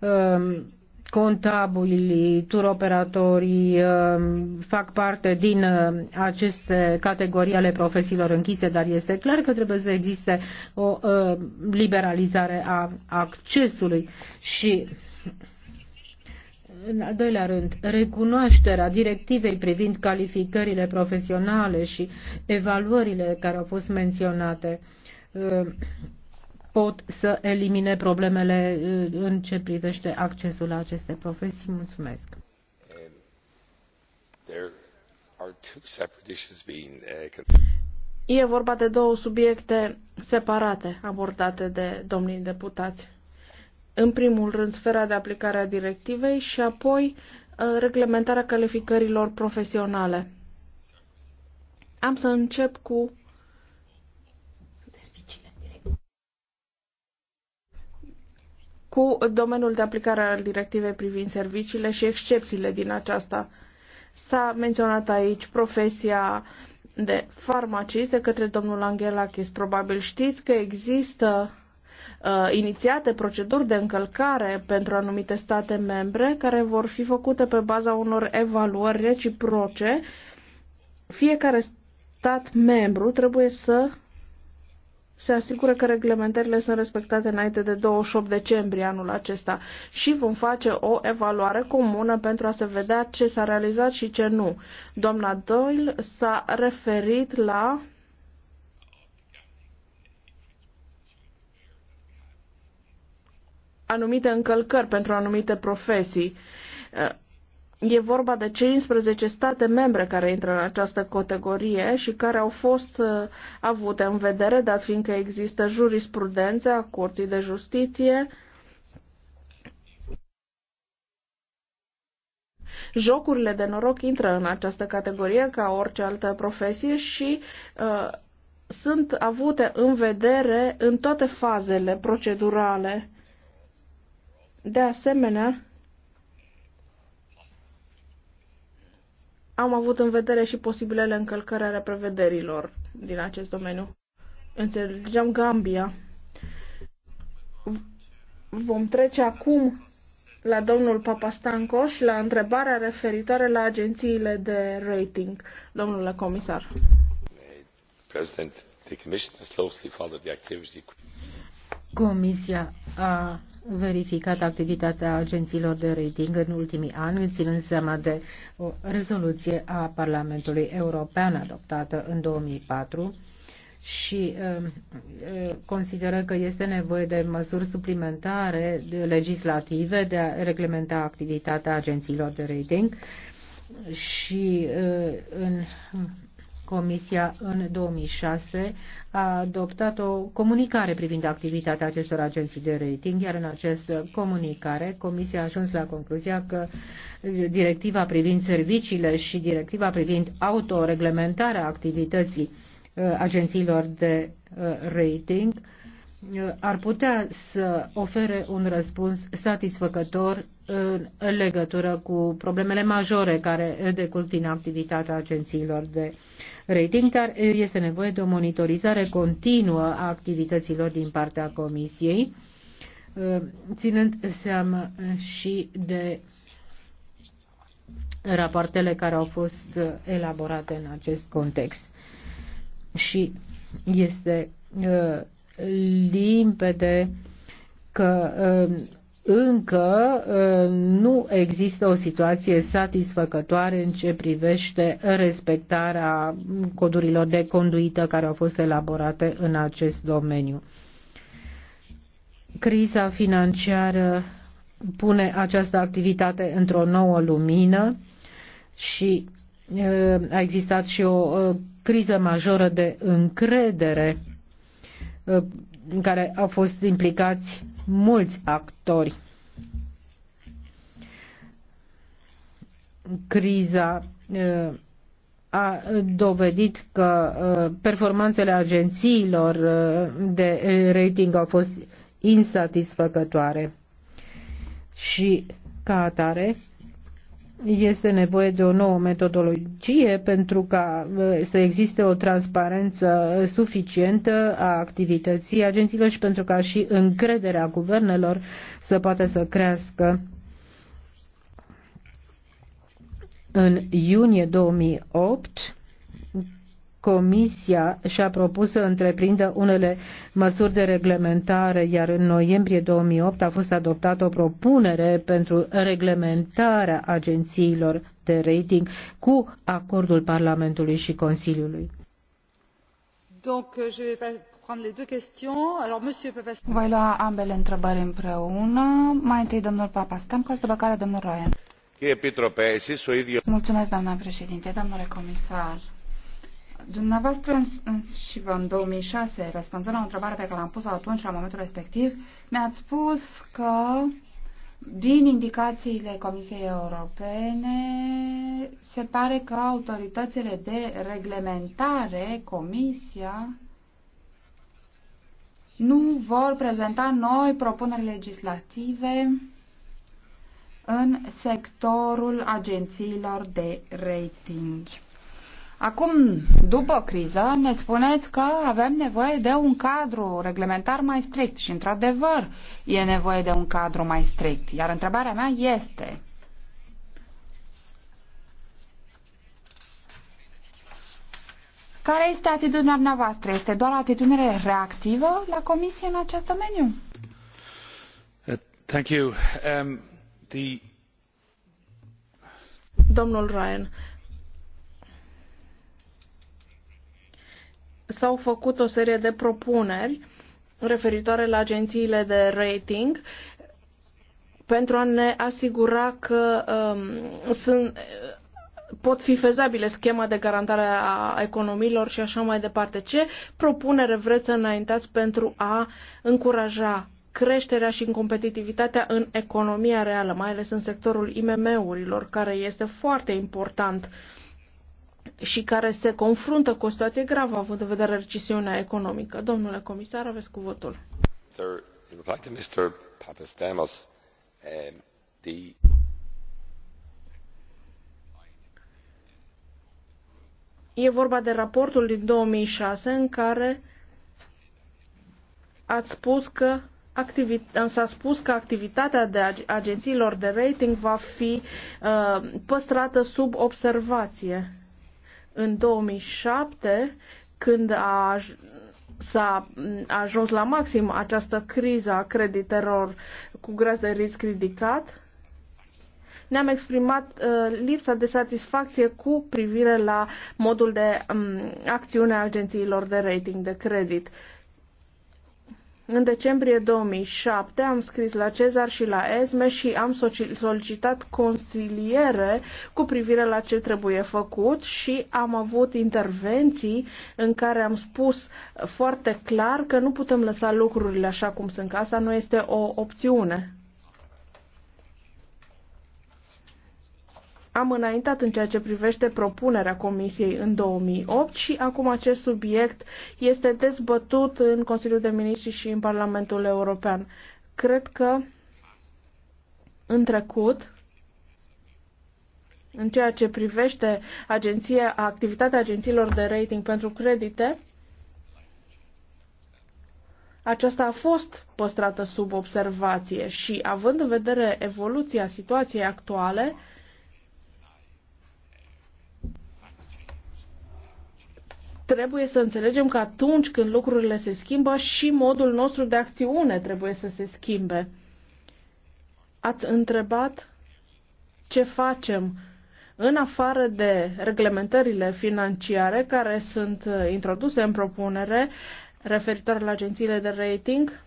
um, contabilii, turoperatorii um, fac parte din uh, aceste categorii ale profesiilor închise, dar este clar că trebuie să existe o uh, liberalizare a accesului și în al doilea rând, recunoașterea directivei privind calificările profesionale și evaluările care au fost menționate uh, Uh, pot să elimine problemele uh, în ce privește accesul la aceste profesii. Mulțumesc. Uh, e vorba de două subiecte separate abordate de domnii deputați. În primul rând, sfera de aplicare a directivei și apoi reglementarea calificărilor profesionale. Am să încep cu cu domeniul de aplicare al directivei privind serviciile și excepțiile din aceasta. S-a menționat aici profesia de farmacist de către domnul Angelakis. Probabil știți că există uh, inițiate proceduri de încălcare pentru anumite state membre care vor fi făcute pe baza unor evaluări reciproce. Fiecare stat membru trebuie să se asigură că reglementările sunt respectate înainte de 28 decembrie anul acesta și vom face o evaluare comună pentru a se vedea ce s-a realizat și ce nu. Doamna Doyle s-a referit la anumite încălcări pentru anumite profesii. E vorba de 15 state membre care intră în această categorie și care au fost uh, avute în vedere, dat fiindcă există jurisprudență a Curții de Justiție. Jocurile de noroc intră în această categorie ca orice altă profesie și uh, sunt avute în vedere în toate fazele procedurale. De asemenea, am avut în vedere și posibilele încălcări ale prevederilor din acest domeniu. Înțelegeam Gambia. Vom trece acum la domnul Papastanco și la întrebarea referitoare la agențiile de rating. Domnule comisar. President, the Commission has closely followed the activity Comisia a verificat activitatea agențiilor de rating în ultimii ani, ținând seama de o rezoluție a Parlamentului European adoptată în 2004 și um, uh, consideră că este nevoie de măsuri suplimentare de legislative de a reglementa activitatea agențiilor de rating și uh, în Comisia în 2006 a adoptat o comunicare privind activitatea acestor agenții de rating, iar în această comunicare Comisia a ajuns la concluzia că directiva privind serviciile și directiva privind autoreglementarea activității uh, agențiilor de uh, rating uh, ar putea să ofere un răspuns satisfăcător în legătură cu problemele majore care decurg din activitatea agențiilor de rating, dar este nevoie de o monitorizare continuă a activităților din partea Comisiei, ă, ținând seama și de rapoartele care au fost elaborate în acest context. Și este ă, limpede că ă, încă ă, nu există o situație satisfăcătoare în ce privește respectarea codurilor de conduită care au fost elaborate în acest domeniu. Criza financiară pune această activitate într-o nouă lumină și ă, a existat și o ă, criză majoră de încredere în care au fost implicați mulți actori. Criza uh, a dovedit că uh, performanțele agențiilor uh, de rating au fost insatisfăcătoare și ca atare este nevoie de o nouă metodologie pentru ca uh, să existe o transparență suficientă a activității agențiilor și pentru ca și încrederea guvernelor să poată să crească. În iunie 2008, Comisia și-a propus să întreprindă unele măsuri de reglementare, iar în noiembrie 2008 a fost adoptată o propunere pentru reglementarea agențiilor de rating cu acordul Parlamentului și Consiliului. Euh, Voi lua ambele întrebări împreună. Mai întâi domnul Papastamcos, după care domnul Royan. Mulțumesc, doamna președinte, domnule comisar Dumneavoastră și vă în 2006, răspunzând la o întrebare pe care am pus-o atunci, la momentul respectiv, mi-ați spus că din indicațiile Comisiei Europene se pare că autoritățile de reglementare, Comisia, nu vor prezenta noi propuneri legislative în sectorul agențiilor de rating. Acum, după criză, ne spuneți că avem nevoie de un cadru reglementar mai strict și, într-adevăr, e nevoie de un cadru mai strict. Iar întrebarea mea este, Care este atitudinea dumneavoastră? Este doar atitudine reactivă la Comisie în acest domeniu? Uh, thank you. Um, the... Domnul Ryan, s-au făcut o serie de propuneri referitoare la agențiile de rating pentru a ne asigura că um, sunt, pot fi fezabile schema de garantare a economiilor și așa mai departe. Ce propunere vreți să înaintați pentru a încuraja creșterea și competitivitatea în economia reală, mai ales în sectorul IMM-urilor, care este foarte important uh, și care se confruntă cu o situație gravă, având în vedere recesiunea economică. Domnule comisar, aveți cuvântul. Sir, Mr. Papastamos, um, the... E vorba de raportul din 2006 în care ați spus că s-a spus că activitatea de ag agențiilor de rating va fi uh, păstrată sub observație. În 2007, când a, s-a ajuns la maxim această criză a creditelor cu grad de risc ridicat, ne-am exprimat uh, lipsa de satisfacție cu privire la modul de um, acțiune a agențiilor de rating de credit. Uh, în decembrie 2007 am scris la Cezar și la ESME și am solicitat consiliere cu privire la ce trebuie făcut și am avut intervenții în care am spus foarte clar că nu putem lăsa lucrurile așa cum sunt. Asta nu este o opțiune. am înaintat în ceea ce privește propunerea Comisiei în 2008 și acum acest subiect este dezbătut în Consiliul de Ministri și în Parlamentul European. Cred că în trecut, în ceea ce privește agenția, activitatea agențiilor de rating pentru credite, aceasta a fost păstrată sub observație și, având în vedere evoluția situației actuale, trebuie să înțelegem că atunci când lucrurile se schimbă și modul nostru de acțiune trebuie să se schimbe. Ați întrebat ce facem în afară de reglementările financiare care sunt introduse în propunere referitor la agențiile de rating,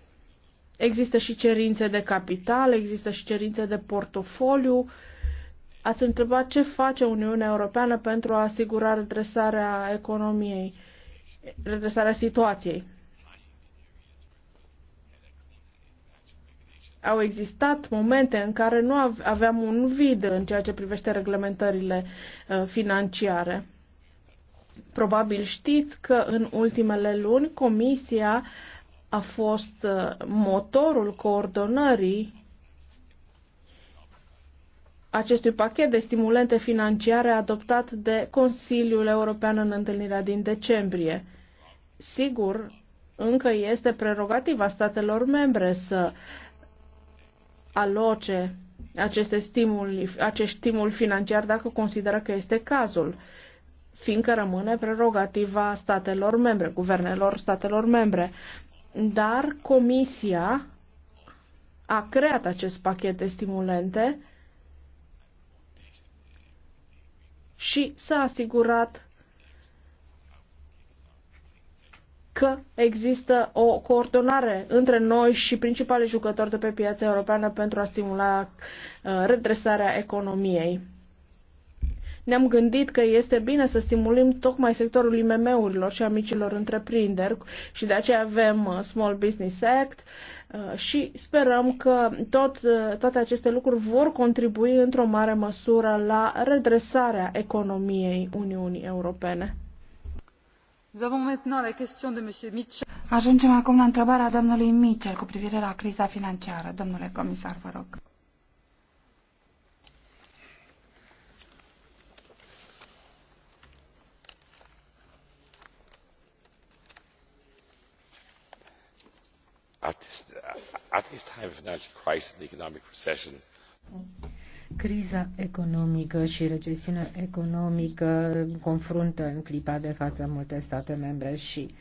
există și cerințe de capital, există și cerințe de portofoliu, uh, Ați întrebat ce face Uniunea Europeană pentru a asigura redresarea economiei, redresarea situației. Au existat momente în care nu aveam un vid în ceea ce privește reglementările uh, financiare. Probabil știți că în ultimele luni Comisia a fost uh, motorul coordonării acestui pachet de stimulente financiare adoptat de Consiliul European în întâlnirea din decembrie. Sigur, încă este prerogativa statelor membre să aloce aceste stimuli, acest stimul financiar dacă consideră că este cazul, fiindcă rămâne prerogativa statelor membre, guvernelor statelor membre. Dar Comisia a creat acest pachet de stimulente și s-a asigurat că există o coordonare între noi și principalii jucători de pe piața europeană pentru a stimula uh, redresarea economiei ne-am gândit că este bine să stimulăm tocmai sectorul IMM-urilor și a micilor întreprinderi și de aceea avem uh, Small Business Act uh, și sperăm că tot, uh, toate aceste lucruri vor contribui într-o mare măsură la redresarea economiei Uniunii Europene. Ajungem acum la întrebarea domnului Mitchell cu privire la criza financiară. Domnule comisar, vă rog. at this, time of financial crisis and economic recession. Criza economică și recesiunea economică confruntă în clipa de față multe state membre și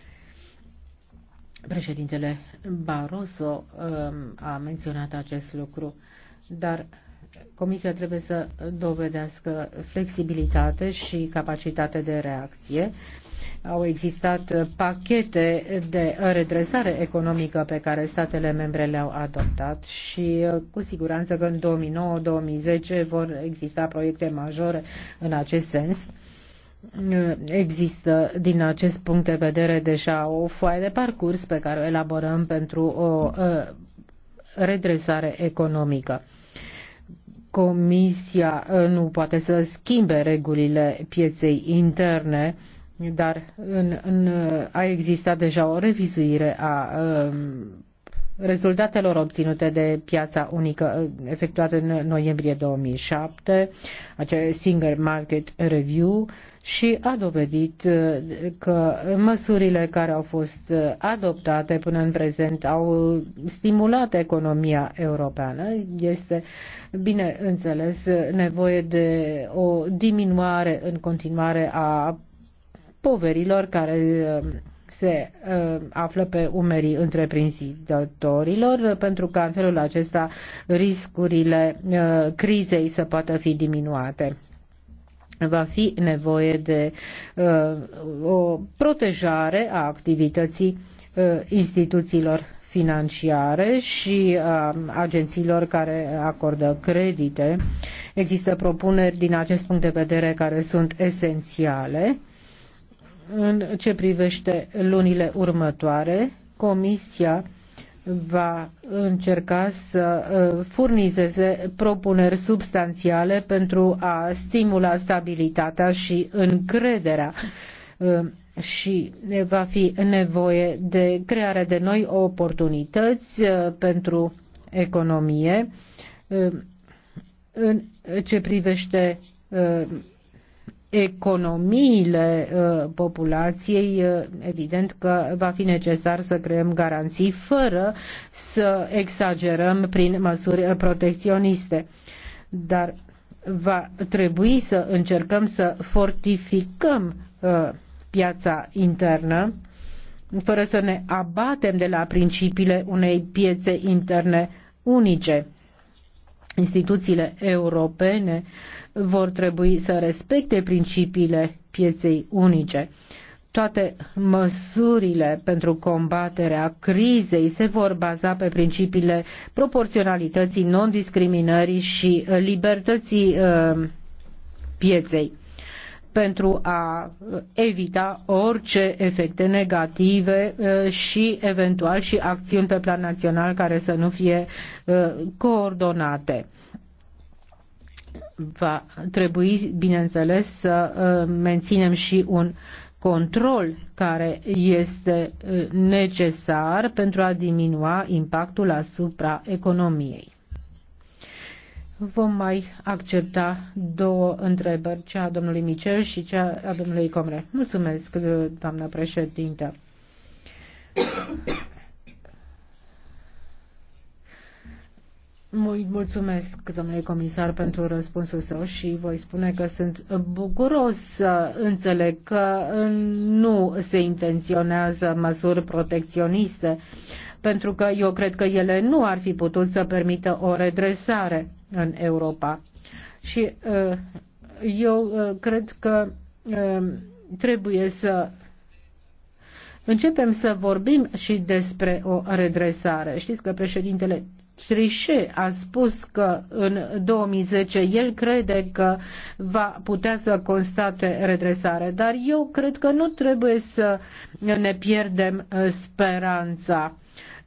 președintele Barroso um, a menționat acest lucru, dar Comisia trebuie să dovedească flexibilitate și capacitate de reacție au existat uh, pachete de redresare economică pe care statele membre le-au adoptat și uh, cu siguranță că în 2009-2010 vor exista proiecte majore în acest sens uh, există din acest punct de vedere deja o foaie de parcurs pe care o elaborăm pentru o redresare economică. Comisia nu poate să schimbe regulile pieței interne dar în, în, a existat deja o revizuire a um, rezultatelor obținute de piața unică uh, efectuată în noiembrie 2007, acea Single Market Review, și a dovedit uh, că măsurile care au fost uh, adoptate până în prezent au stimulat economia europeană. Este, bineînțeles, nevoie de o diminuare în continuare a poverilor care uh, se uh, află pe umerii întreprinzitorilor, pentru că în felul acesta riscurile uh, crizei să poată fi diminuate va fi nevoie de uh, o protejare a activității uh, instituțiilor financiare și a agențiilor care acordă credite. Există propuneri din acest punct de vedere care sunt esențiale în ce privește lunile următoare, Comisia va încerca să uh, furnizeze propuneri substanțiale pentru a stimula stabilitatea și încrederea uh, și va fi nevoie de crearea de noi oportunități uh, pentru economie în ce privește economiile uh, populației, uh, evident că va fi necesar să creăm garanții fără să exagerăm prin măsuri protecționiste. Dar va trebui să încercăm să fortificăm uh, piața internă fără să ne abatem de la principiile unei piețe interne unice instituțiile europene vor trebui să respecte principiile pieței unice. Toate măsurile pentru combaterea crizei se vor baza pe principiile proporționalității, non-discriminării și libertății uh, pieței pentru a evita orice efecte negative uh, și eventual și acțiuni pe plan național care să nu fie uh, coordonate va trebui, bineînțeles, să uh, menținem și un control care este necesar pentru a diminua impactul asupra economiei. Vom mai accepta două întrebări, cea a domnului Micel și cea a domnului Comre. Mulțumesc, doamna președintă. Mulțumesc, domnule comisar, pentru răspunsul său și voi spune că sunt bucuros să înțeleg că nu se intenționează măsuri protecționiste, pentru că eu cred că ele nu ar fi putut să permită o redresare în Europa. Și uh, eu uh, cred că uh, trebuie să începem să vorbim și despre o redresare. Știți că președintele Trichet a spus că în 2010 el crede că va putea să constate redresare, dar eu cred că nu trebuie să ne pierdem speranța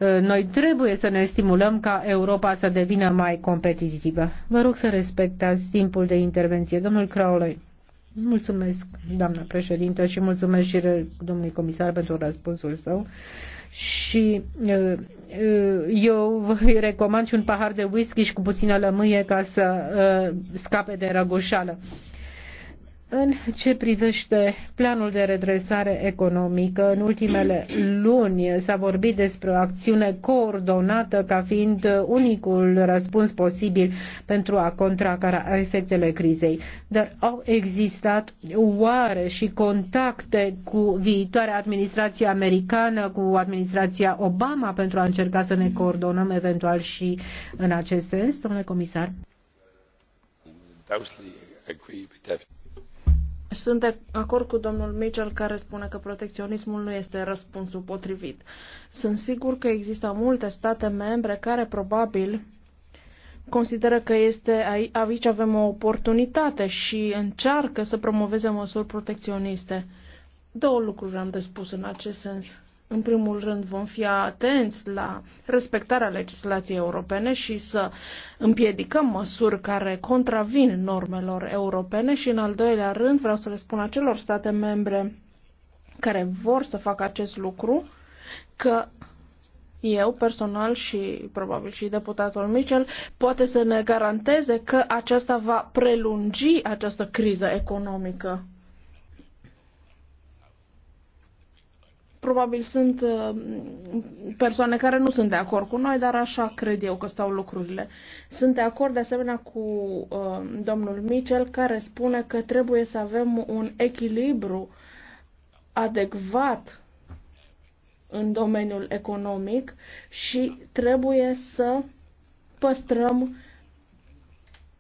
Eh, noi trebuie să ne stimulăm ca Europa să devină mai competitivă. Vă rog să respectați timpul de intervenție. Domnul Crowley. Mulțumesc, doamnă președintă, și mulțumesc și domnului comisar pentru răspunsul său. Și eh, eu vă recomand și un pahar de whisky și cu puțină lămâie ca să eh, scape de răgușală. În ce privește planul de redresare economică, în ultimele luni s-a vorbit despre o acțiune coordonată ca fiind unicul răspuns posibil pentru a contracara efectele crizei. Dar au existat oare și contacte cu viitoarea administrație americană, cu administrația Obama pentru a încerca să ne coordonăm eventual și în acest sens, domnule comisar? Sunt de acord cu domnul Mitchell care spune că protecționismul nu este răspunsul potrivit. Sunt sigur că există multe state membre care probabil consideră că este aici avem o oportunitate și încearcă să promoveze măsuri protecționiste. Două lucruri am de spus în acest sens în primul rând, vom fi atenți la respectarea legislației europene și să împiedicăm măsuri care contravin normelor europene și, în al doilea rând, vreau să le spun acelor state membre care vor să facă acest lucru că eu personal și probabil și deputatul Michel poate să ne garanteze că aceasta va prelungi această criză economică Probabil sunt uh, persoane care nu sunt de acord cu noi, dar așa cred eu că stau lucrurile. Sunt de acord de asemenea cu uh, domnul Mitchell care spune că trebuie să avem un echilibru adecvat în domeniul economic și trebuie să păstrăm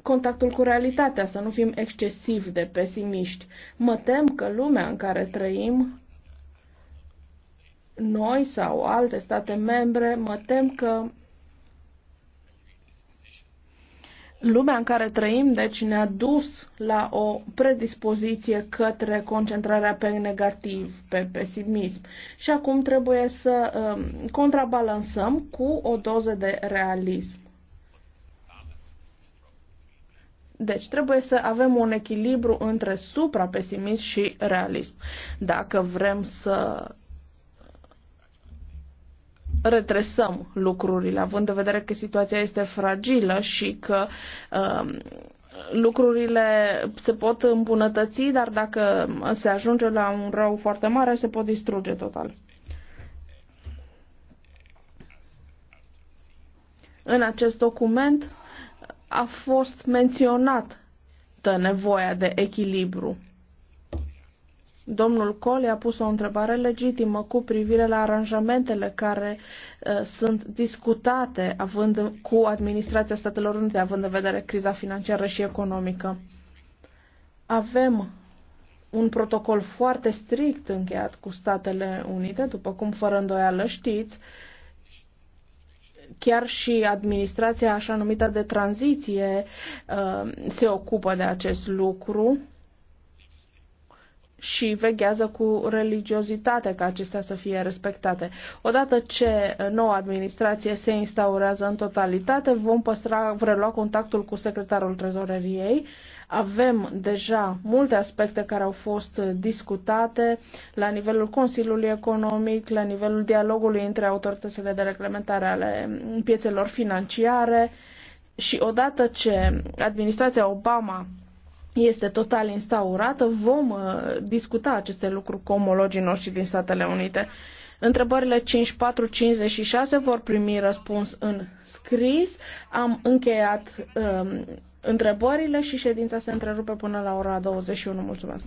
contactul cu realitatea, să nu fim excesiv de pesimiști. Mă tem că lumea în care trăim noi sau alte state membre, mă tem că lumea în care trăim, deci, ne-a dus la o predispoziție către concentrarea pe negativ, pe pesimism. Și acum trebuie să um, contrabalansăm cu o doză de realism. Deci trebuie să avem un echilibru între suprapesimism și realism. Dacă vrem să retresăm lucrurile, având în vedere că situația este fragilă și că um, lucrurile se pot îmbunătăți, dar dacă se ajunge la un rău foarte mare, se pot distruge total. În acest document a fost menționată nevoia de echilibru Domnul Cole a pus o întrebare legitimă cu privire la aranjamentele care uh, sunt discutate având cu administrația Statelor Unite, având în vedere criza financiară și economică. Avem un protocol foarte strict încheiat cu Statele Unite, după cum fără îndoială știți, chiar și administrația așa numită de tranziție uh, se ocupă de acest lucru și veghează cu religiozitate ca acestea să fie respectate. Odată ce noua administrație se instaurează în totalitate, vom păstra, relua contactul cu secretarul trezoreriei. Avem deja multe aspecte care au fost discutate la nivelul Consiliului Economic, la nivelul dialogului între autoritățile de reglementare ale piețelor financiare și odată ce administrația Obama este total instaurată. Vom uh, discuta aceste lucruri cu omologii noștri din Statele Unite. Întrebările 54, 56 vor primi răspuns în scris. Am încheiat uh, întrebările și ședința se întrerupe până la ora 21. Mulțumesc!